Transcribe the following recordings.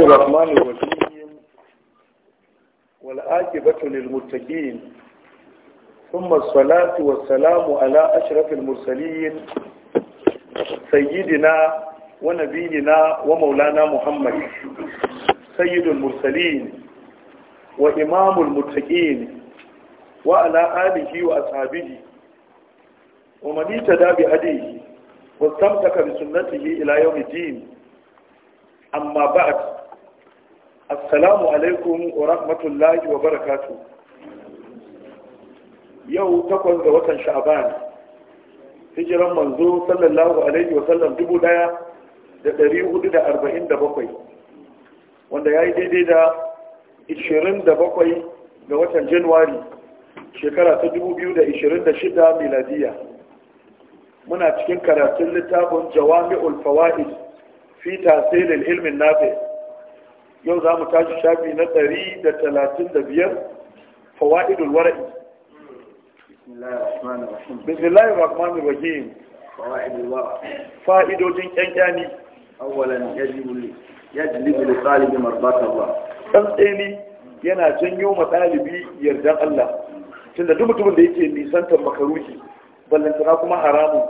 الرحمن الرحيم والآكبة للمتقين ثم الصلاة والسلام على أشرف المرسلين سيدنا ونبينا ومولانا محمد سيد المرسلين وإمام المتقين وعلى آله وأصحابه ومن اهتدى بهديه واستمسك بسنته إلى يوم الدين أما بعد assalamu alaikum wa rahmatullahi wa barakatu yau takwas ga watan sha'aban hijiran manzo sallallahu alaihi wa sallam dubu daya da dari hudu da arba'in da bakwai wanda ya yi daidai da ishirin da bakwai ga watan januwari shekara ta dubu biyu da ishirin da shida miladiya muna cikin karatun littafin jawami'ul fawa'id fi tasirin ilmin nafi' yau za mu tashi shafi na ɗari da talatin da biyar fawa'idul wara'i bismillahir rahmanir rahim fawa'idul wara'i fa'idojin kyankyani awwalan yajibu yajlibu li talibi marbatallah dan tsini yana janyo ma ɗalibi yardan Allah tunda duk mutumin da yake nisantar makaruki ballantana kuma haramun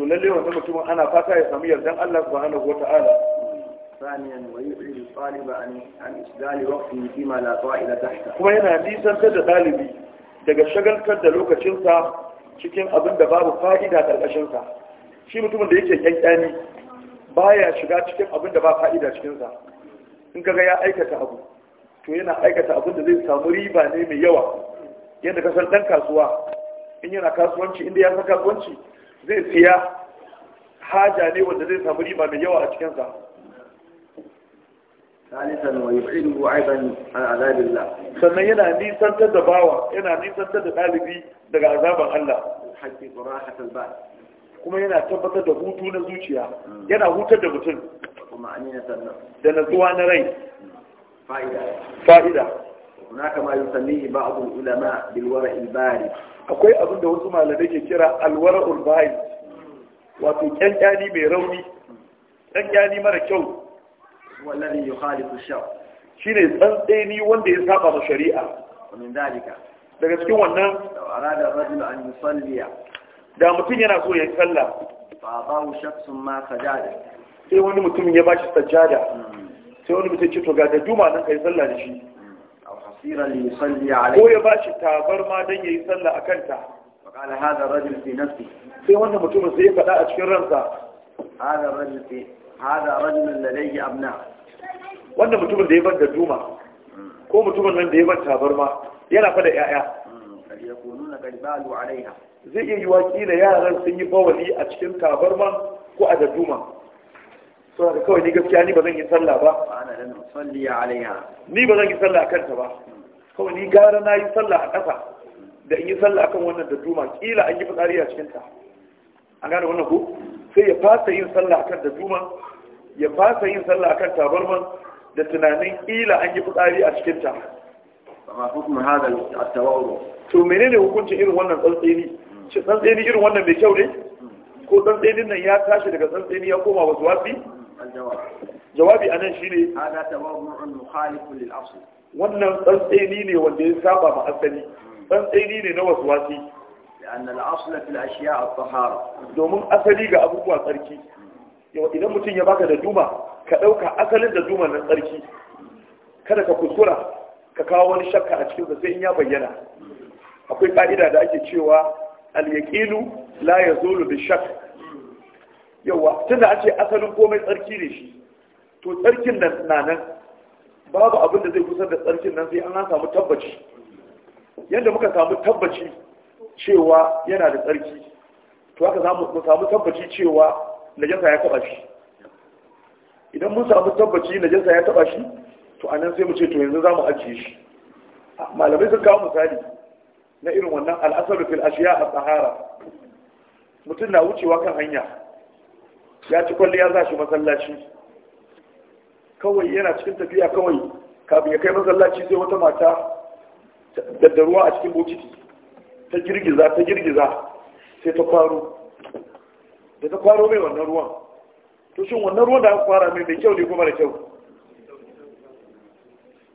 to lalle wannan mutumin ana fata ya samu yardan Allah subhanahu wata'ala ثانيا ويعيد الطالب عن عن إشغال وقته فيما لا طائل تحته كما هنا نيسان تد طالبي daga shagaltar da lokacinsa cikin abin da babu fa'ida ƙarƙashinsa shi mutumin da yake kyankyani baya shiga cikin abin da ba fa'ida cikinsa in kaga ya aikata abu to yana aikata abin da zai samu riba ne mai yawa yadda kasar dan kasuwa in yana kasuwanci inda ya san kasuwanci zai siya haja ne wanda zai samu riba mai yawa a cikinsa ثالثا ويبعده عيبا عن عذاب الله sannan yana nisantar da bawa yana nisantar da ɗalibi daga azaban Allah hakki qirahatul ba kuma yana tabbatar da hutu na zuciya yana hutar da mutum kuma aminatan sannan. da natsuwa na rai fa'ida fa'ida hunaka ma yusammihi ba'd ulama bil wara' al bari akwai abin da wasu malamai ke kira al wara' al bari wato kyankyani mai rauni kyankyani mara kyau wallahi yukhalifu shar shine tsantseni wanda ya saba da shari'a min dalika daga cikin wannan arada rajul an yusalliya da mutum yana so ya yi sallah fa bahu shakhsun ma sajada sai wani mutum ya bashi sajada sai wani mutum ce to ga da duma nan kai sallah da shi ko ya bashi tabar ma ya yi sallah a kanta? فقال هذا الرجل في نفسه sai wannan mutumin sai ya faɗa a cikin ransa هذا الرجل في hada rajulun ladayhi abna Wannan mutumin da ya bar da duma ko mutumin nan da ya bar tabarma yana fa da yaya hmm, yakununa qad balu alaiha zai iya yiwa kila yaran sun yi bawali a cikin tabarma ko a da duma so da kawai ni gaskiya ni ba zan yi sallah ba ana nan salli alaiha ni ba zan yi sallah a kanta ba kawai ni gara na yi sallah a ƙasa da in yi sallah akan wannan da duma kila an yi fitsari a cikinta. an gane wannan ku sai ya fasa yin sallah kan da juma, ya fasa yin sallah kan tabarman da tunanin ila an yi fitsari a cikin ta to menene hukuncin irin wannan tsantseni shi tsantseni irin wannan mai kyau ne ko tsantsenin nan ya tashi daga tsantseni ya koma wasu wasi jawabi anan shine hada wannan tsantseni ne wanda ya saba ma asali hmm. tsantseni ne na wasu wasi لأن الأصل في الأشياء الطهارة دومن أصلي ga abubuwa tsarki idan mutum ya baka da duma ka ɗauka asalin da duma nan tsarki kada ka kuskura ka kawo wani shakka a cikin sai in ya bayyana akwai ƙa'ida da ake cewa al-yaqinu la yazulu bi shakk yawa tunda a ce asalin komai tsarki ne shi to tsarkin nan na nan babu abin da zai kusa da tsarkin nan sai an samu tabbaci yadda muka samu tabbaci cewa yana da tsarki to haka za mu samu tabbaci cewa najasa ya taba shi idan mun samu tabbaci najasa ya taba shi to anan sai mu ce to yanzu za mu ajiye shi malamai sun kawo misali na irin wannan al'asar fil ashiya a sahara mutum na wucewa kan hanya ya ci kwalliya za shi masallaci kawai yana cikin tafiya kawai kafin ya kai masallaci sai wata mata da ruwa a cikin bokiti ta girgiza ta girgiza sai ta kwaro da ta kwaro mai wannan ruwan to shi wannan ruwan da aka kwara mai mai kyau ne kuma da kyau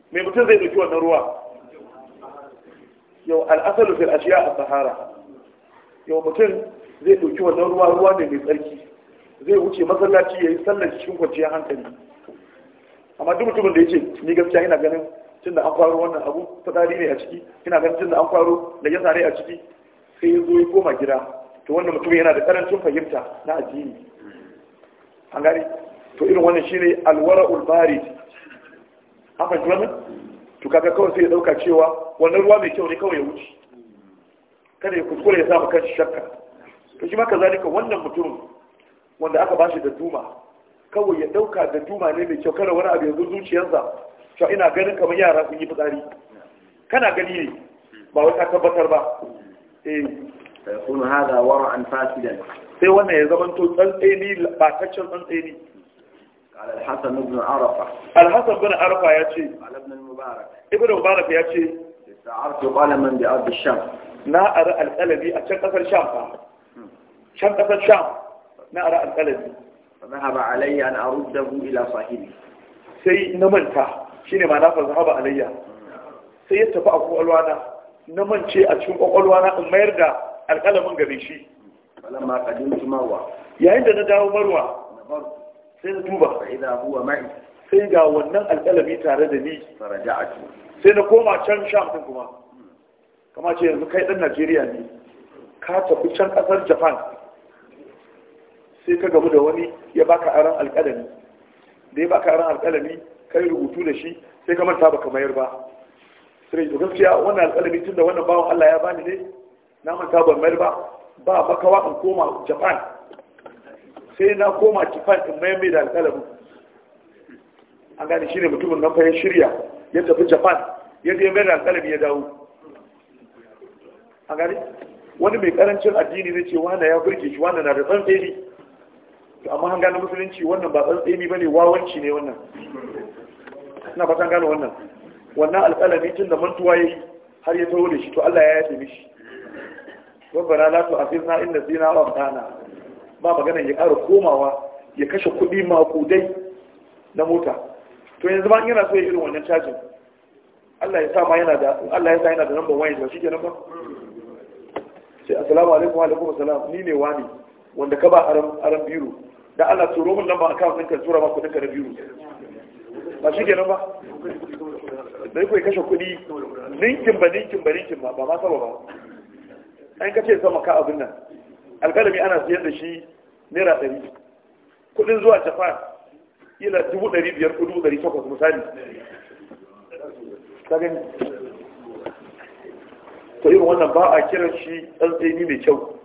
mai mutum zai dauki wannan ruwa yau al'asalu fil ashiya a sahara yau mutum zai dauki wannan ruwa ruwa ne mai tsarki zai wuce masallaci ya yi sallar cikin kwanciyar hankali amma duk mutumin da ya ce ni gaskiya ina ganin tunda an faro wannan abu dadi ne a ciki ina ganin tunda an faro da ya sare a ciki sai ya zo ya koma gida to wannan mutum yana da karancin fahimta na addini an gani to irin wannan shine alwara'ul bari an fahimci wannan to kaga kawai sai ya dauka cewa wannan ruwa mai kyau ne kawai ya wuce kada ya kuskure ya samu kanshi shakka to shi ma kazalika wannan mutum wanda aka bashi da duma kawai ya dauka da duma ne mai kyau kada wani abu ya zo zuciyarsa cewa ina ganin kamar yara sun yi fitsari kana gani ne ba wai ka tabbatar ba eh yakun hada wara'an fasidan sai wannan ya zama to tsantseni bataccen tsantseni قال الحسن بن عرفة الحسن بن عرفة يا شيء قال ابن المبارك ابن المبارك يا شيء استعرت قلما بأرض الشام لا أرى القلبي أشان قصر الشام شان قصر الشام لا أرى القلبي فذهب علي أن أرده إلى صاحبي سي نملته Shi ma na fa haba alayya sai ya tafi a kwakwalwana na mance a cikin kwakwalwana in mayar da alƙalamin gare shi yayin da na dawo marwa sai na duba sai ga wannan alƙalami tare da ni sai na koma can sham din kuma kama ce yanzu kai ɗan najeriya ne ka tafi can ƙasar japan sai ka gamu da wani ya baka aran alƙalami da ya baka aran alƙalami kai rubutu da shi sai ka manta baka mayar ba sai to gaskiya wannan alƙalami tun da wannan bawan Allah ya bani ne na manta ban mayar ba ba makawa in koma Japan sai na koma Japan in mayar mai da alƙalami an gane shine mutumin nan fa ya shirya ya tafi Japan ya je mayar da alƙalami ya dawo an gane wani mai karancin addini zai ce wani ya burge shi wani na da tsantseni to amma hanga na musulunci wannan ba ba bane wawanci ne wannan ina fatan gano wannan wannan alƙalami tun da mantuwa yayi har ya taho da shi to Allah ya yafe mishi rabbana la tu'akhizna inda zina wa akhtana ba magana ya ƙara komawa ya kashe kuɗi dai na mota to yanzu ba yana so ya irin wannan cajin Allah ya sa ma yana da Allah ya sa yana da number 1 ba shi kenan ba sai assalamu alaikum wa alaikum assalam ni ne wani wanda ka ba aran biro da Allah turo mun lamba account ɗinka tura ma kuɗin ka na biyu ba shi kenan ba dai kai kashe kuɗi ninkin ba ninkin ba ninkin ba ba ma saba ba an kace sama ka abin nan alkalami ana siyar da shi naira ɗari kuɗin zuwa japan ila dubu ɗari biyar ko dubu ɗari takwas misali ka gani to irin wannan ba a kiran shi ɗan tsaini mai kyau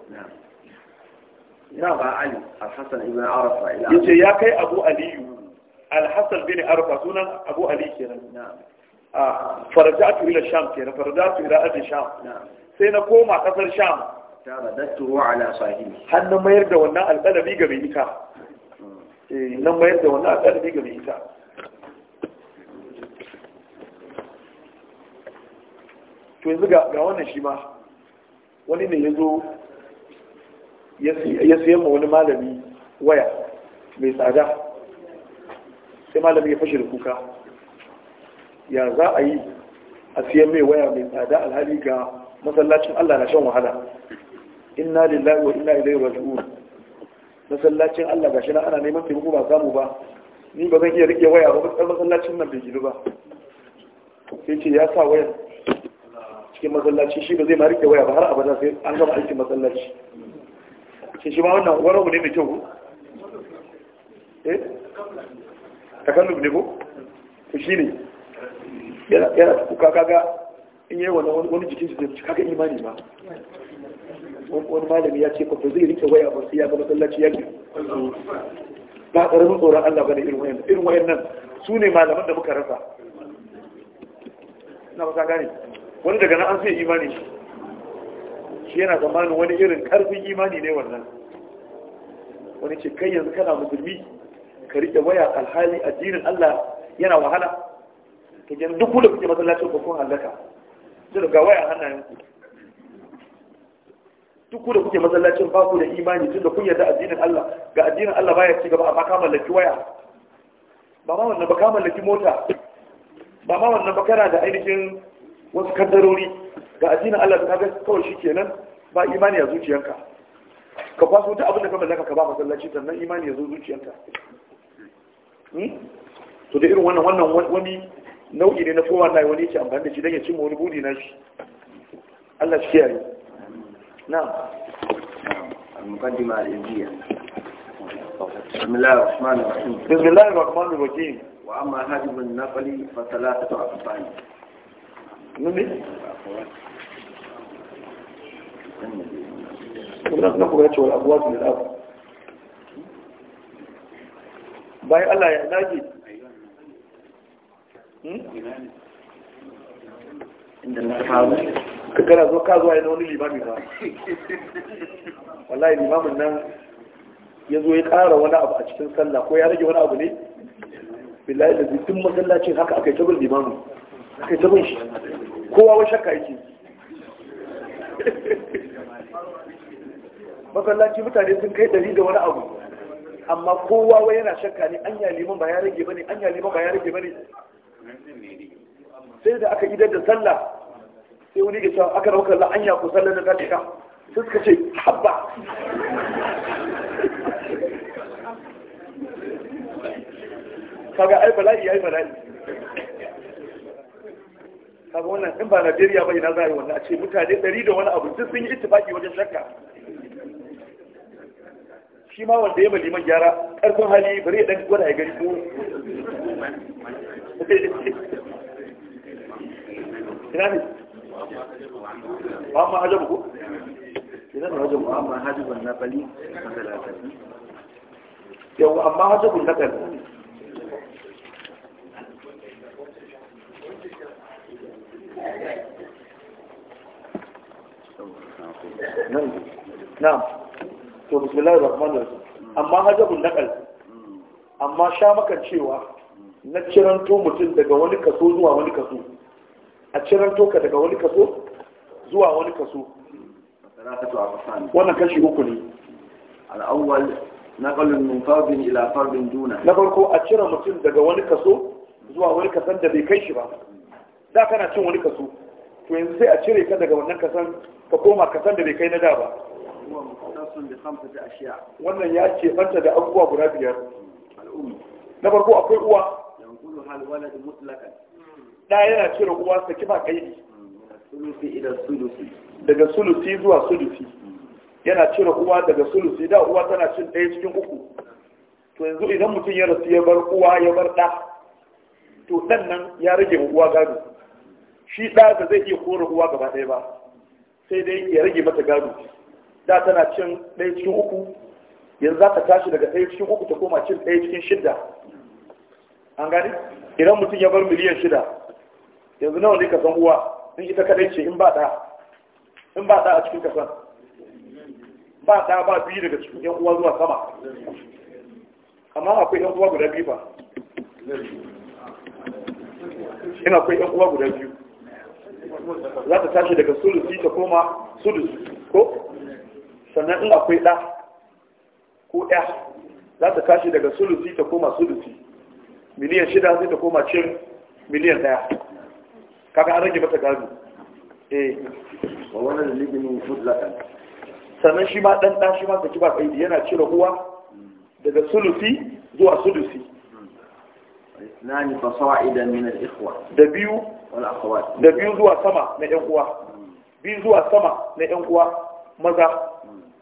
ya ba ali al-hasan arafa ila yace ya kai abu aliyu al-hasan bin arafa sunan abu ali kenan a farajatu ila sham kenan farajatu ila ard sham sai na koma kasar sham taradatu ala sahibi har na mayar da wannan alƙalami ga mai ita eh mayar da wannan alƙalami ga mai ita to yanzu ga wannan shi ma wani ne ya zo ya siyan ma wani malami waya mai tsada sai malami ya fashe da kuka ya za a yi a siyan mai waya mai tsada alhali ga masallacin Allah na shan wahala inna lillahi wa inna ilaihi raji'un masallacin Allah gashi na ana neman taimako ba samu ba ni ba zan iya rike waya ba ba masallacin nan bai gidu ba sai ce ya sa wayar cikin masallaci shi ba zai ma rike waya ba har abada sai an gama aikin masallaci shi shi ma wannan wani abu ne mai kyau eh takalluf ne ko to shi ne yana kuka kaga in yi wani wani jikin su zai kaga imani ba wani malami ya ce ko zai rike waya ba sai ya ga masallaci ya ba karamin tsoron Allah da irin wayan irin wayan nan su ne malaman da muka rasa na ba ka gane wani daga nan an sai imani shi yana zamanin wani irin karfin imani ne wannan wani ce kai yanzu kana musulmi ka rike waya alhali addinin Allah yana wahala to yanzu duk da kuke masallacin ku kun hallaka sai ga waya hannayen ku duk da kuke masallacin ba ku da imani tun da kun yarda addinin Allah ga addinin Allah baya ci gaba amma ka mallaki waya ba ma wannan ba ka mallaki mota ba ma wannan ba kana da ainihin wasu kaddarori ga addinin Allah ka ga kawai shi kenan ba imani a zuciyanka ka kwaso duk abin da ka mallaka ka ba masallaci sannan imani ya zo zuciyanka hmm? to da irin wannan wannan wani nau'i ne na kowa na wani yake amfani da shi don ya cimma wani buri na shi Allah shi kiyaye na'am al الإنجية بسم الله الرحمن الرحيم بسم الله الرحمن الرحيم واما هذه النقل فثلاثه اقسام نعم kuma na kuma ya ce wani abuwa su lil'ab bayan allah ya dage hmm? ka gara zo ka zuwa yana wani Limamin ba wallahi limamin nan ya zo ya ƙara wani abu a cikin sallah ko ya rage wani abu ne billahi da duk masallacin haka aka yi tabin limamin aka yi tabin shi kowa wa shakka yake mafallaci mutane sun kai ɗari da wani abu amma kowa wai yana shakka ne an ya ba ya rage bane an ya ba ya rage bane sai da aka idar da sallah sai wani ga cewa aka raukar la'an ya ku sallar da ta ka, sai suka ce habba kaga ai bala'i ai bala'i kaga wannan in ba Najeriya ba ina za a yi wannan a ce mutane ɗari da wani abu duk sun yi ittifaki wajen shakka shi ma wanda ya bali man gyara ƙarfin hali bari ya ɗan gwada ya gari ko ina ne ba ma hajjabu ko ina ne hajjabu ba ma hajjabu na bali yawa amma hajjabu na bali na'am to bismillahir rahmanir rahim amma hajabun naqal amma sha makan cewa na ciranto mutum daga wani kaso zuwa wani kaso a ciranto ka daga wani kaso zuwa wani kaso wannan kashi uku ne al'awwal naqalun min fardin ila fardin duna na farko a cire mutum daga wani kaso zuwa wani kasan da bai kai shi ba da kana cin wani kaso to yanzu sai a cire ka daga wannan kasan ka koma kasan da bai kai na da ba wannan ya ce fanta da abubuwa guda biyar na farko akwai uwa da yana cire uwa saki ba ne." daga sulusi zuwa sulusi yana cire uwa daga sulusi da uwa tana cin ɗaya cikin uku to yanzu idan mutum ya rasu ya bar uwa ya bar ɗa to ɗan nan ya rage uwa gado shi ɗa ba zai iya kora uwa gaba ɗaya ba sai dai ya rage mata gado da tana cin ɗaya cikin uku yanzu za ta tashi daga ɗaya cikin uku ta koma cin ɗaya cikin shidda an gani idan mutum ya bar miliyan shida yanzu nawa ne ka san uwa in ita kaɗai ce in ba ɗa in ba ɗa a cikin kasan ba ɗa ba biyu daga cikin yan uwa zuwa sama amma akwai yan uwa guda biyu ba ina akwai yan uwa guda biyu za ta tashi daga sulusi ta koma sulusi ko sannan in akwai ɗa ko ɗa za ta tashi daga sulusi ta koma sulusi miliyan shida zai ta koma cin miliyan ɗaya kaga an rage mata gado eh da nufin dalilin ne mutlakan sannan shi ma ɗan ɗan shi ma saki ba kaidi yana cire uwa daga sulusi zuwa sulusi nani fasaidan min al-ikhwa da biyu da biyu zuwa sama na yan uwa biyu zuwa sama na yan uwa maza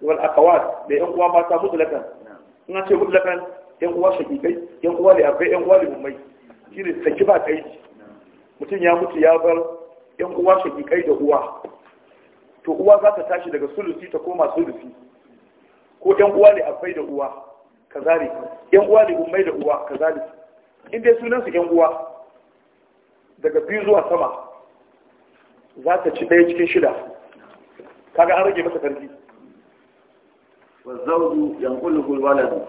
wal akawat da yan uwa mata mutlakan in ce mutlakan yan uwa shakikai yan uwa da abai yan uwa da mummai shine saki ba kai mutum ya mutu ya bar yan uwa shakikai da uwa to uwa za ta tashi daga sulusi ta koma sulusi ko yan uwa da abai da uwa kazari yan uwa da ummai da uwa kazari in dai sunan su yan uwa daga biyu zuwa sama za ta ci ɗaya cikin shida kaga an rage masa karfi wazzaudu yanquluhu alwalad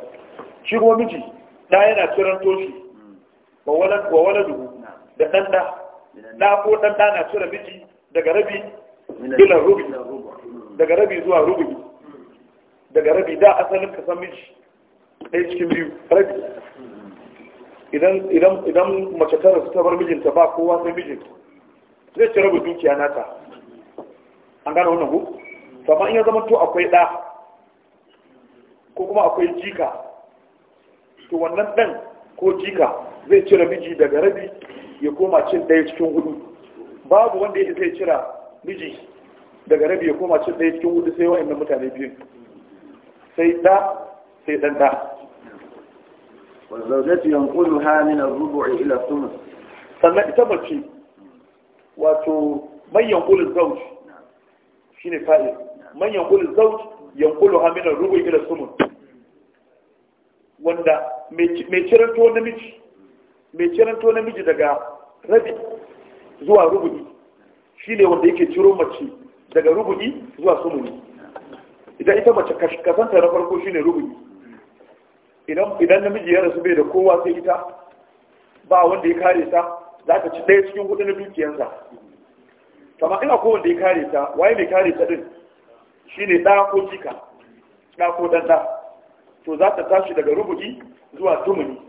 shi miji da yana ciranto shi wa walad wa waladuhu da dan da da ko dan da na cire miji daga rabi ila rubi daga rabi zuwa rubi daga rabi da asalin kasan miji ɗaya cikin biyu rabi idan mace ta rasu ta bar mijinta ba kowa sai mijinta, zai ci rabu dukiya nata an gane wannan ku to amma in ya zama to akwai ɗa ko kuma akwai jika to wannan ɗan ko jika zai cire miji daga rabi ya koma cin ɗaya cikin hudu babu wanda yake zai cira miji daga rabi ya koma cin ɗaya cikin hudu sai wa'in mutane biyu sai ɗa sai ɗan ɗa wanzaunatu yanquluha min ar-rubu' ila thuluth sannan ita mace wato man yanqulu zawj shine fa'il man yanqulu zawj yanquluha min ar-rubu' ila thuluth wanda mai ciranto namiji mai ciranto namiji daga rabi zuwa rubu'i shine wanda yake ciro mace daga rubu'i zuwa sumuni Ita ita mace kasanta na farko shine ne rubu'i idan namiji ya rasu bai da kowa sai ita ba wanda ya kare ta za ka ci ɗaya cikin hudu na dukiyarsa kama ina ko ya kare ta waye mai kare ta din ne ɗa ko jika ɗa ko ɗan to za ta tashi daga rubuɗi zuwa tumuni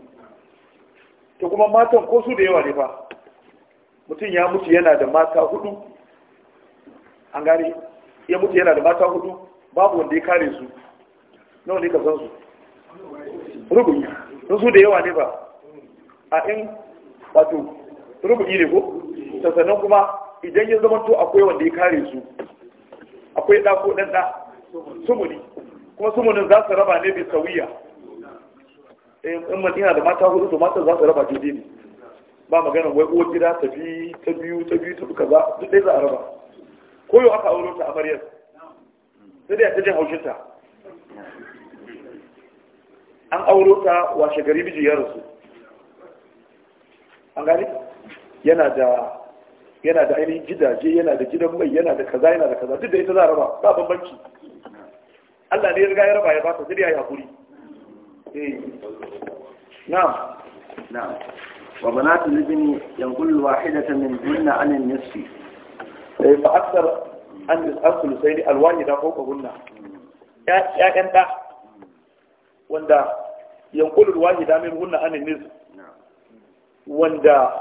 to kuma matan ko su da yawa ne fa mutum ya mutu yana da mata hudu an gane ya mutu yana da mata hudu babu wanda ya kare su nawa ne ka san su rubuni sun su da yawa ne ba a in wato rubuni ne ko Sassanin kuma idan ya zama to akwai wanda ya kare su akwai ɗa ko ɗan ɗa sumuni kuma sumunin za su raba ne bai sauya eh, in matina da mata hudu to matan za su raba daidai ne ba maganin wai uwar gida ta bi ta biyu ta biyu ta duka za duk ɗaya za a raba koyo aka auro ta amaryar sai dai ta jin haushinta an auro ta washe gari biji ya rasu an gani yana da yana da ainihin gidaje yana da gidan mai yana da kaza yana da kaza duk da ita za a raba ba bambanci Allah ne ya riga ya raba ya baka sai ya hakuri eh na'am na'am wa banatul ibni yanqul wahidatan min dunna an an eh fa akthar an al-asl al-wahida fawqa gunna ya ya kan da wanda yankulul wahida min hunna anin nizu wanda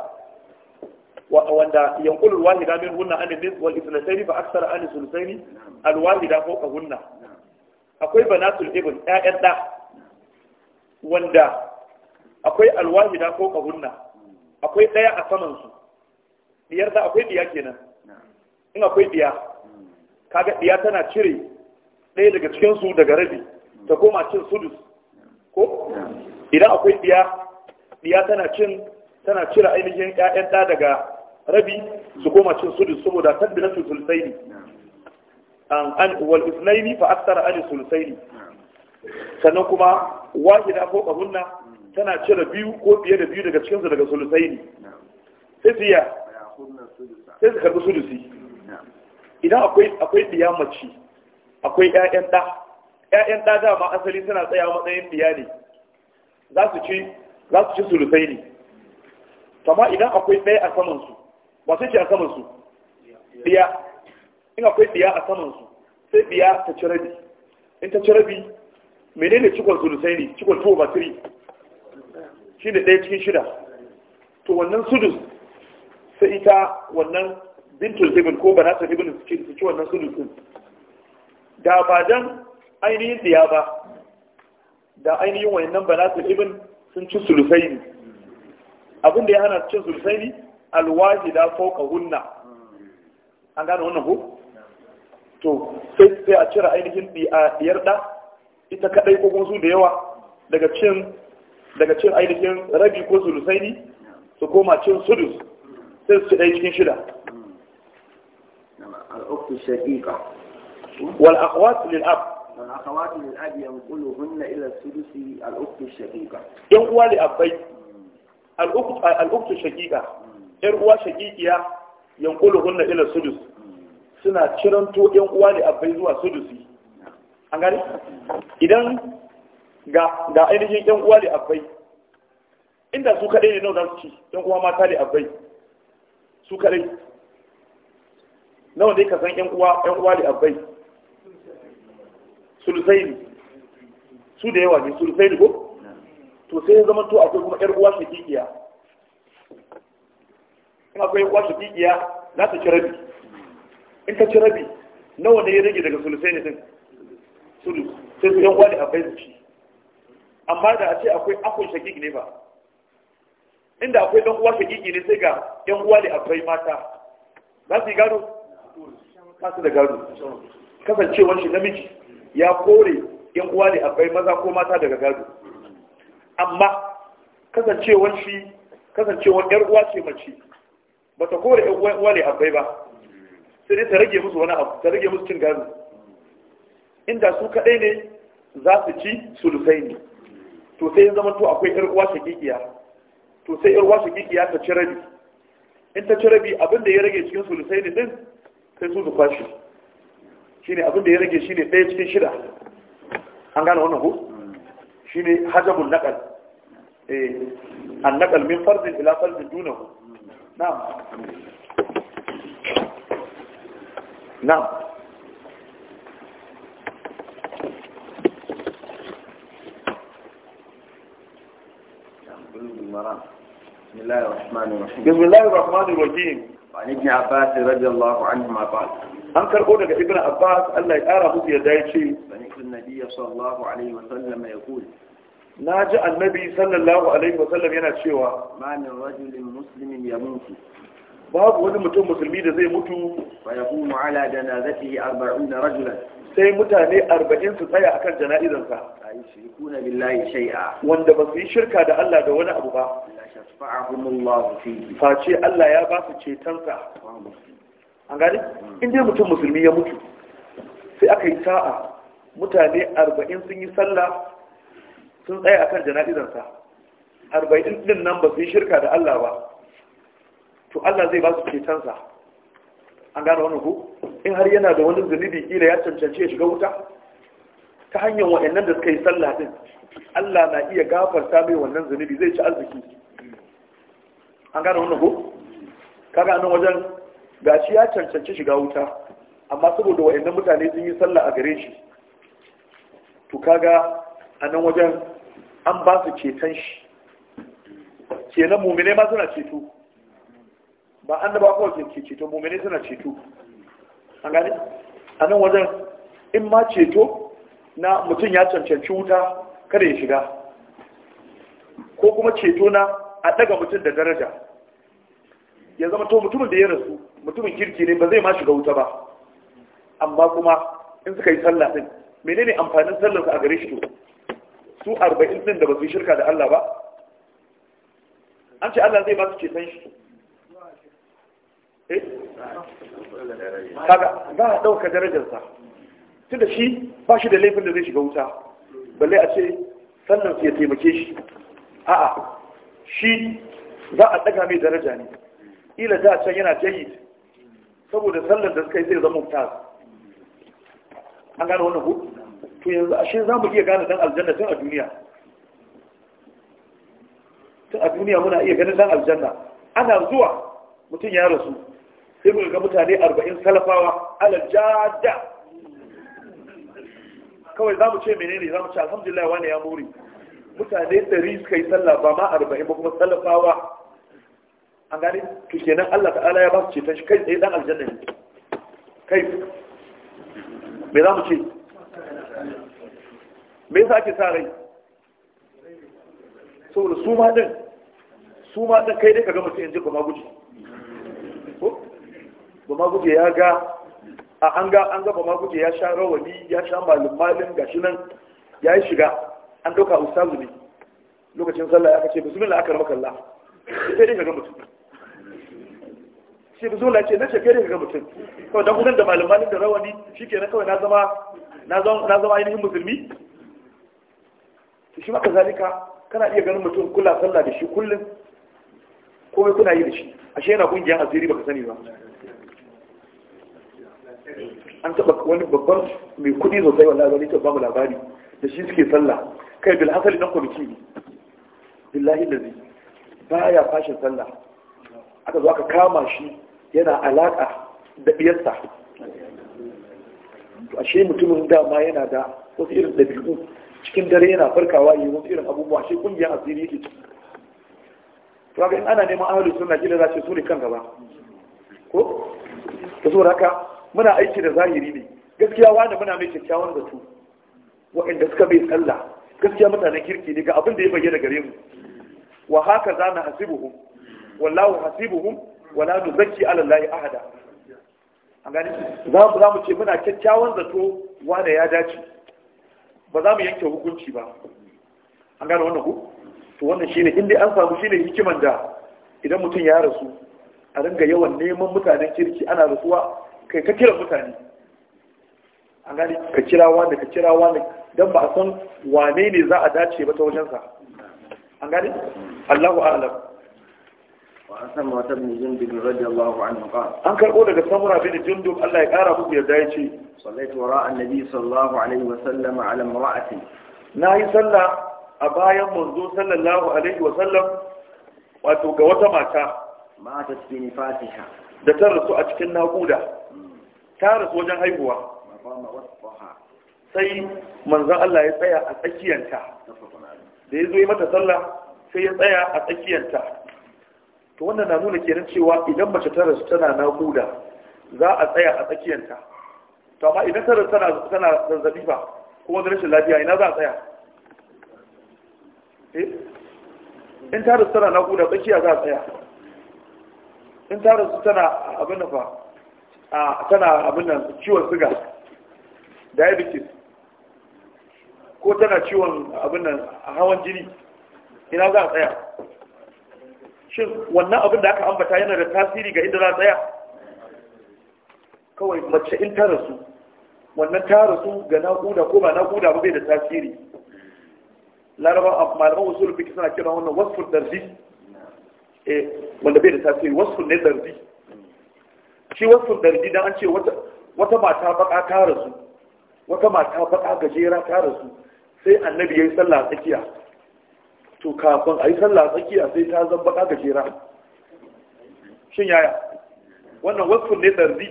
wanda yankulul wahida min hunna anin niz wal ithnatayn fa aktsara an thulthayn al wahida fawqa hunna akwai banatul ibn ƴaƴan da wanda akwai al wahida fawqa hunna akwai daya a saman su da akwai biya kenan in akwai biya kaga biya tana cire ɗaya daga cikin su daga rabi ta koma cin sudus ko idan akwai diya diya tana cin tana cire ainihin ƴaƴan ɗa daga rabi su koma cin sudu saboda tabbiratu sulsaini an an wal ithnaini fa aktsara an sulsaini sannan kuma wahida ko kahunna tana cire biyu ko fiye da biyu daga cikin su daga sulsaini sai su ya sai su karbi sulusi. idan akwai akwai diya mace akwai ƴaƴan ɗa ƴaƴan ɗa dama asali suna tsaya matsayin biya ne za su ci za su ci sulusai ne kama idan akwai ɗaya a saman su su ce a saman su biya in akwai biya a saman su sai biya ta ci rabi in ta ci rabi menene cikon sulusai ne cikon tuwo ba shi ne ɗaya cikin shida to wannan sudus sai ita wannan bintul zibin ko ba na ta zibin su ci wannan sudusin da ba dan ainihin siya ba da ainihin wayannan banatul ibn sun ci sulusaini abin da ya hana cin sulusaini alwahida ka hunna an gane wannan ko to sai sai a cire ainihin diyar da ita kadai ko gonsu da yawa daga cin daga cin ainihin rabi ko sulusaini su koma cin sudus sai su dai cikin shida al-uktu shaqiqa wal akhwat lil ab والأخوات للأب ينقلهن إلى السدس الأخت الشقيقة لأبي الأخت الأخت الشقيقة suna ciranto yan uwa da abai zuwa sudusi an gani idan ga ainihin yan uwa da abai inda su kadai ne nawa ci yan uwa mata da abai su kadai nawa dai ka san yan uwa yan uwa da abai sulusaini su da yawa ne sulusaini ko to sai ya zama to akwai kuma yar uwa shakikiya in akwai uwa shakikiya za ta ci rabi in ka ci rabi nawa ne ya rage daga sulusaini din sulus sai su yan uwa da abai su ci amma da a ce akwai akwai shakiki ne ba inda akwai dan uwa shakiki ne sai ga yan uwa da abai mata za su yi gado kasu da gado kasancewar shi namiji ya kore yan uwa ne akwai maza ko mata daga gado amma kasancewar shi kasancewar yar uwa ce mace ba ta kore yan uwa ne akwai ba sai dai ta rage musu wani abu ta rage musu cin gado inda su kadai ne za su ci sulusai ne to sai ya zama to akwai yar uwa shakikiya to sai yar uwa shakikiya ta ci rabi in ta ci rabi abin da ya rage cikin sulusai ne din sai su su kwashi shine abin da ya rage shine ɗaya cikin shida an gane wannan ku shine hajabun naqal eh an naqal min fardin ila fardin dunahu na'am na'am بسم الله الرحمن الرحيم بسم الله الرحمن الرحيم وعن ابن عباس رضي الله عنهما قال an karbo daga ibn abbas allah ya ƙara musu yadda ya ce na ji annabi sallallahu alaihi wasallam yana cewa manin rajulin musulmin ya mutu babu wani mutum musulmi da zai mutu fa yaqumu ala da na janazatihi 40 rajulan sai mutane arba'in su tsaya akan jana'izarsa yushrikuna billahi shai'a. wanda ba su yi shirka da Allah da wani abu ba la shafa'ahumullahu fihi face Allah ya ba su cetonsa an gani in dai mutum musulmi ya mutu sai aka yi sa'a mutane arba'in sun yi sallah sun tsaya akan jana'izarsa arba'in din nan ba su yi shirka da Allah ba to Allah zai ba su cetonsa an gane wani ku in har yana da wani zunubi kila ya cancanci ya shiga wuta ta hanyar wa'annan da suka yi sallah din Allah na iya gafarta mai wannan zunubi zai ci arziki an gane wani ku kaga nan wajen ga shi ya cancanci shiga wuta amma saboda wa'annan mutane sun yi sallah a gare shi to kaga a nan wajen an ba su ceton shi kenan mumine ma suna ceto ba an ba kawai ke ceto mumine suna ceto an gane a nan wajen in ma ceto na mutum ya cancanci wuta kada ya shiga ko kuma ceto na a daga mutum da daraja ya zama to mutumin da ya rasu mutumin kirki ne ba zai ma shiga wuta ba amma kuma in suka yi sallah din menene amfanin sallar su a gare shi to su arba'in din da ba su yi shirka da Allah ba an ce Allah zai ba su san shi eh kaga za a ɗauka darajarsa tunda shi ba shi da laifin da zai shiga wuta balle a ce sannan su ya taimake shi a'a shi za a ɗaga mai daraja ne ila da can yana jayyid saboda sallar da suka yi zai zama ta an gane wannan ku to yanzu ashe za mu iya gane dan aljanna tun a duniya tun a duniya muna iya ganin dan aljanna ana zuwa mutum ya rasu sai muka ga mutane arba'in salafawa alal jada kawai za mu ce menene za mu ce alhamdulillah wani ya muri mutane ɗari suka yi sallah ba ma arba'in ba kuma salafawa an gane tuke nan Allah ta'ala ya ba su ceton shi kai tsaye dan aljanna ne kai me za mu ce me yasa ake sa rai saboda su ma din su ma din kai dai ka ga mutum in ji ba maguje guje ba ya ga a an ga an ga ba ya sha rawani ya sha malin malin gashi nan ya yi shiga an ɗauka ustazu ne lokacin sallah ya kace bismillah aka rama kallah sai dai ka ga mutum shi zuwa ce na ce kai daga mutum kawai don gudun da malamalin da rawani shikenan kawai na zama na zama ainihin musulmi shi maka zalika kana iya ganin mutum kula sallah da shi kullum komai kuna yi da shi ashe yana kungiyar asiri baka sani ba an taba wani babban mai kudi sosai wallahi wani ta bamu labari da shi suke sallah kai bil hasali nan kwamiti ne billahi lazi baya fashin sallah aka zo aka kama shi yana alaƙa da ɗiyarsa ashe mutumin dama yana da wasu irin ɗabi'u cikin dare yana farkawa yi wasu irin abubuwa shi ƙungiyar asiri yake ciki to haka in ana neman ahalus suna kila za su ne kan gaba ko da saboda haka muna aiki da zahiri ne gaskiya wanda muna mai kyakkyawan zato waɗanda suka bai tsalla gaskiya mutanen kirki ne ga abin da ya bayyana gare mu wa haka za na hasibuhum wallahu hasibuhum wala zaki ala lahi ahada an gani za mu za mu ce muna kyakkyawan zato wane ya dace ba za mu yanke hukunci ba an gane wannan ku to wannan shine inda an samu shine hikiman da idan mutum ya rasu a ringa yawan neman mutanen kirki ana rasuwa kai ka kira mutane an gani ka kira wani ka kira wani dan ba a san wane ne za a dace ba ta wajensa an gani Allahu a'lam an karɓo daga samura bin jundub Allah ya ƙara muku yarda ya ce sallaitu wara annabi sallallahu alaihi wa sallam ala mar'ati na yi sallah a bayan manzo sallallahu alaihi wa sallam wato ga wata mata mata fi nifatiha da ta rasu a cikin naƙuda hmm. ta rasu wajen haihuwa sai manzon Allah ya tsaya a tsakiyanta da ya zo mata sallah sai ya tsaya a tsakiyanta to wannan na nuna kenan cewa idan mace ta rasu tana naƙuda za a tsaya a tsakiyanta to amma idan ta rasu tana zazzabi ba kuma da rashin lafiya ina za a tsaya eh? in ta rasu tana naƙuda tsakiya za a tsaya in ta rasu tana abin nan fa a tana abin nan ciwon suga, diabetes ko tana ciwon abin nan hawan jini ina za a tsaya shin wannan abin da aka ambata yana da tasiri ga inda za tsaya kawai mace in ta rasu wannan ta rasu ga naƙuda ko ba naƙuda ba bai da tasiri laraba malaman rufi fiqh suna kira wannan wasu darzi eh wanda bai da tasiri Wasu ne darzi shi wasu darzi dan an ce wata mata baka ta rasu wata mata baka gajera ta rasu sai annabi ya yi sallah tsakiya to kafin a yi sallah tsakiya sai ta zan baka ga jera shin yaya wannan wasfin ne ɗarzi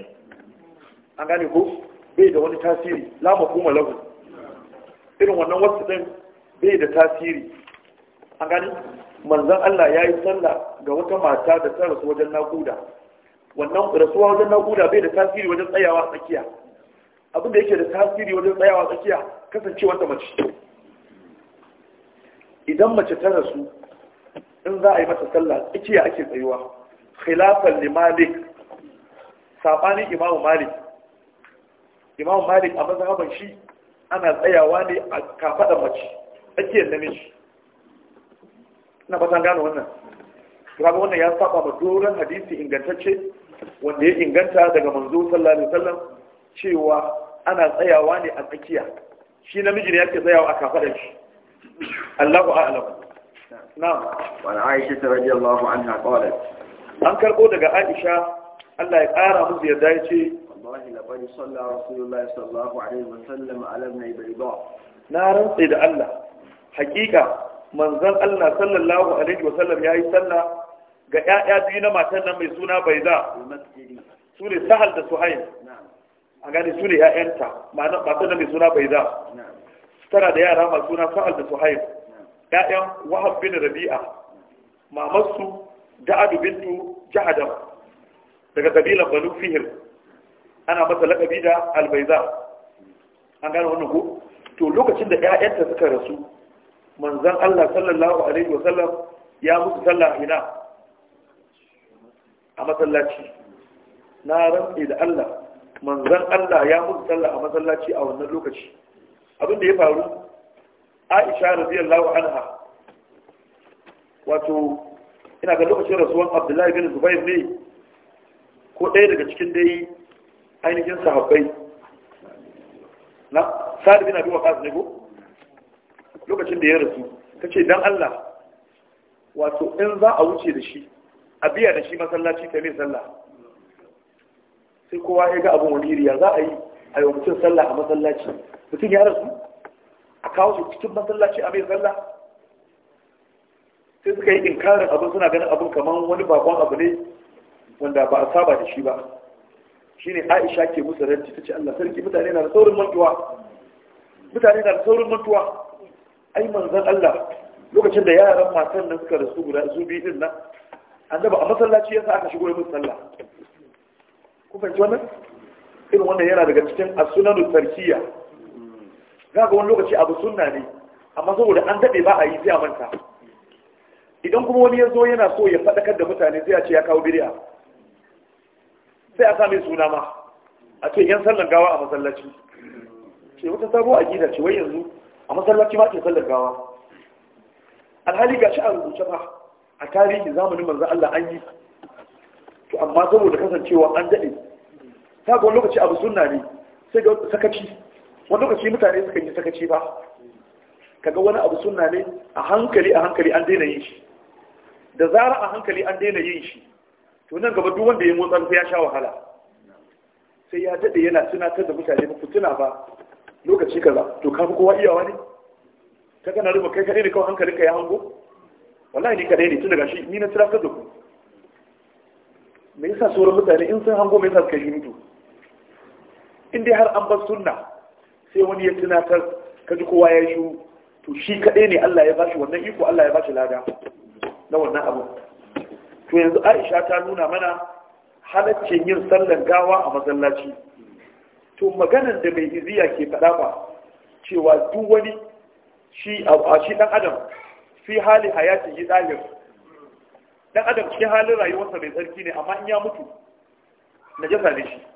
an gane ko bai da wani tasiri lama kuma lagu irin wannan wasu ɗin bai da tasiri an gane manzan Allah ya yi sallah ga wata mata da ta rasu wajen naƙuda wannan rasuwa wajen naƙuda bai da tasiri wajen tsayawa tsakiya abin da yake da tasiri wajen tsayawa tsakiya kasancewa ta mace idan mace ta rasu in za a yi mata sallah tsakiya ake tsayuwa khilafan li malik sabani imamu malik imamu malik a mazhaban shi ana tsayawa ne a kafada mace yin namiji ina fatan gano wannan kaga wannan ya saba ma doron hadisi ingantacce wanda ya inganta daga manzo sallallahu alaihi wasallam cewa ana tsayawa ne a tsakiya shi namiji ne yake tsayawa a kafadar shi Allahu a'lam na'am wa Aisha radiyallahu anha an karɓo daga Aisha Allah ya ƙara musu yarda ya ce na rantsi da Allah hakika manzon Allah sallallahu alaihi wa sallam yayi sallah ga ƴaƴa biyu na mai suna Baiza su ne Sahal da Suhail a gane su ne ƴaƴanta matan mai suna tana da yara masu suna sa'ad da suhaib Ya'yan wahab bin rabi'a mamarsu da'adu bintu jahadam daga kabilan banu fihir ana masa laƙabi da albaiza an gano wannan ko to lokacin da 'ya'yanta suka rasu manzon Allah sallallahu alaihi wa sallam ya musu sallah ina a masallaci na rantsi da Allah manzon Allah ya musu sallah a masallaci a wannan lokaci abin da ya faru aisha radiyallahu anha wato ina ga lokacin rasuwan abdullahi bin zubair ne ko ɗaya daga cikin dai ainihin sahabbai na sa'ad bin abi waqas ne ko lokacin da ya rasu kace dan Allah wato in za a wuce da shi a biya da shi masallaci ta mai sallah sai kowa ya ga abin wani iriya za a yi a yi mutum sallah a masallaci mutum ya rasu a kawo su cikin masallaci a mai sallah sai suka yi inkarin abin suna ganin abin kamar wani bakon abu ne wanda ba a saba da shi ba shine aisha ke musu ranci ta ce allah sarki mutane na da saurin mantuwa mutane na da saurin mantuwa ai manzan allah lokacin da yaran matan nan suka rasu guda su biyu din nan annaba a masallaci yasa aka shigo musu sallah ku fahimci wannan irin wannan yana daga cikin as-sunanu za ga wani lokaci abu sunna ne amma saboda an dade ba a yi sai a manta idan kuma wani ya zo yana so ya faɗakar da mutane sai a ce ya kawo bid'a sai a sa suna ma a ce yan sallan gawa a masallaci ce wata sabo a gida ce wai yanzu a masallaci ma ke sallan gawa alhali ga shi a rubuce fa a tarihi zamanin manzo Allah an yi to amma saboda kasancewa an dade ta ga lokaci abu sunna ne sai ga sakaci wani lokaci mutane suka yi sakaci ba kaga wani abu sunna ne a hankali a hankali an daina yin shi da zara a hankali an daina yin shi to nan gaba duk wanda ya motsa sai ya sha wahala sai ya dade yana tunatar da mutane ba ku tuna ba lokaci kaza to kafi kowa iyawa ne ka kana ruba kai kadai ne kawai ka ya hango wallahi ni kadai ne tun daga shi ni na tunatar da ku me yasa sauran mutane in sun hango me yasa suka yi mutu in dai har an bar sunna sai wani ya tunatar ka ji kowa ya yi to shi kaɗai ne Allah ya bashi wannan iko Allah ya bashi lada na wannan abu to yanzu Aisha ta nuna mana halaccin yin sallan gawa a masallaci to maganan da mai iziya ke faɗa ba cewa duk wani shi a shi dan adam fi hali hayati yi zahir dan adam cikin halin rayuwarsa mai tsarki ne amma in ya mutu najasa ne shi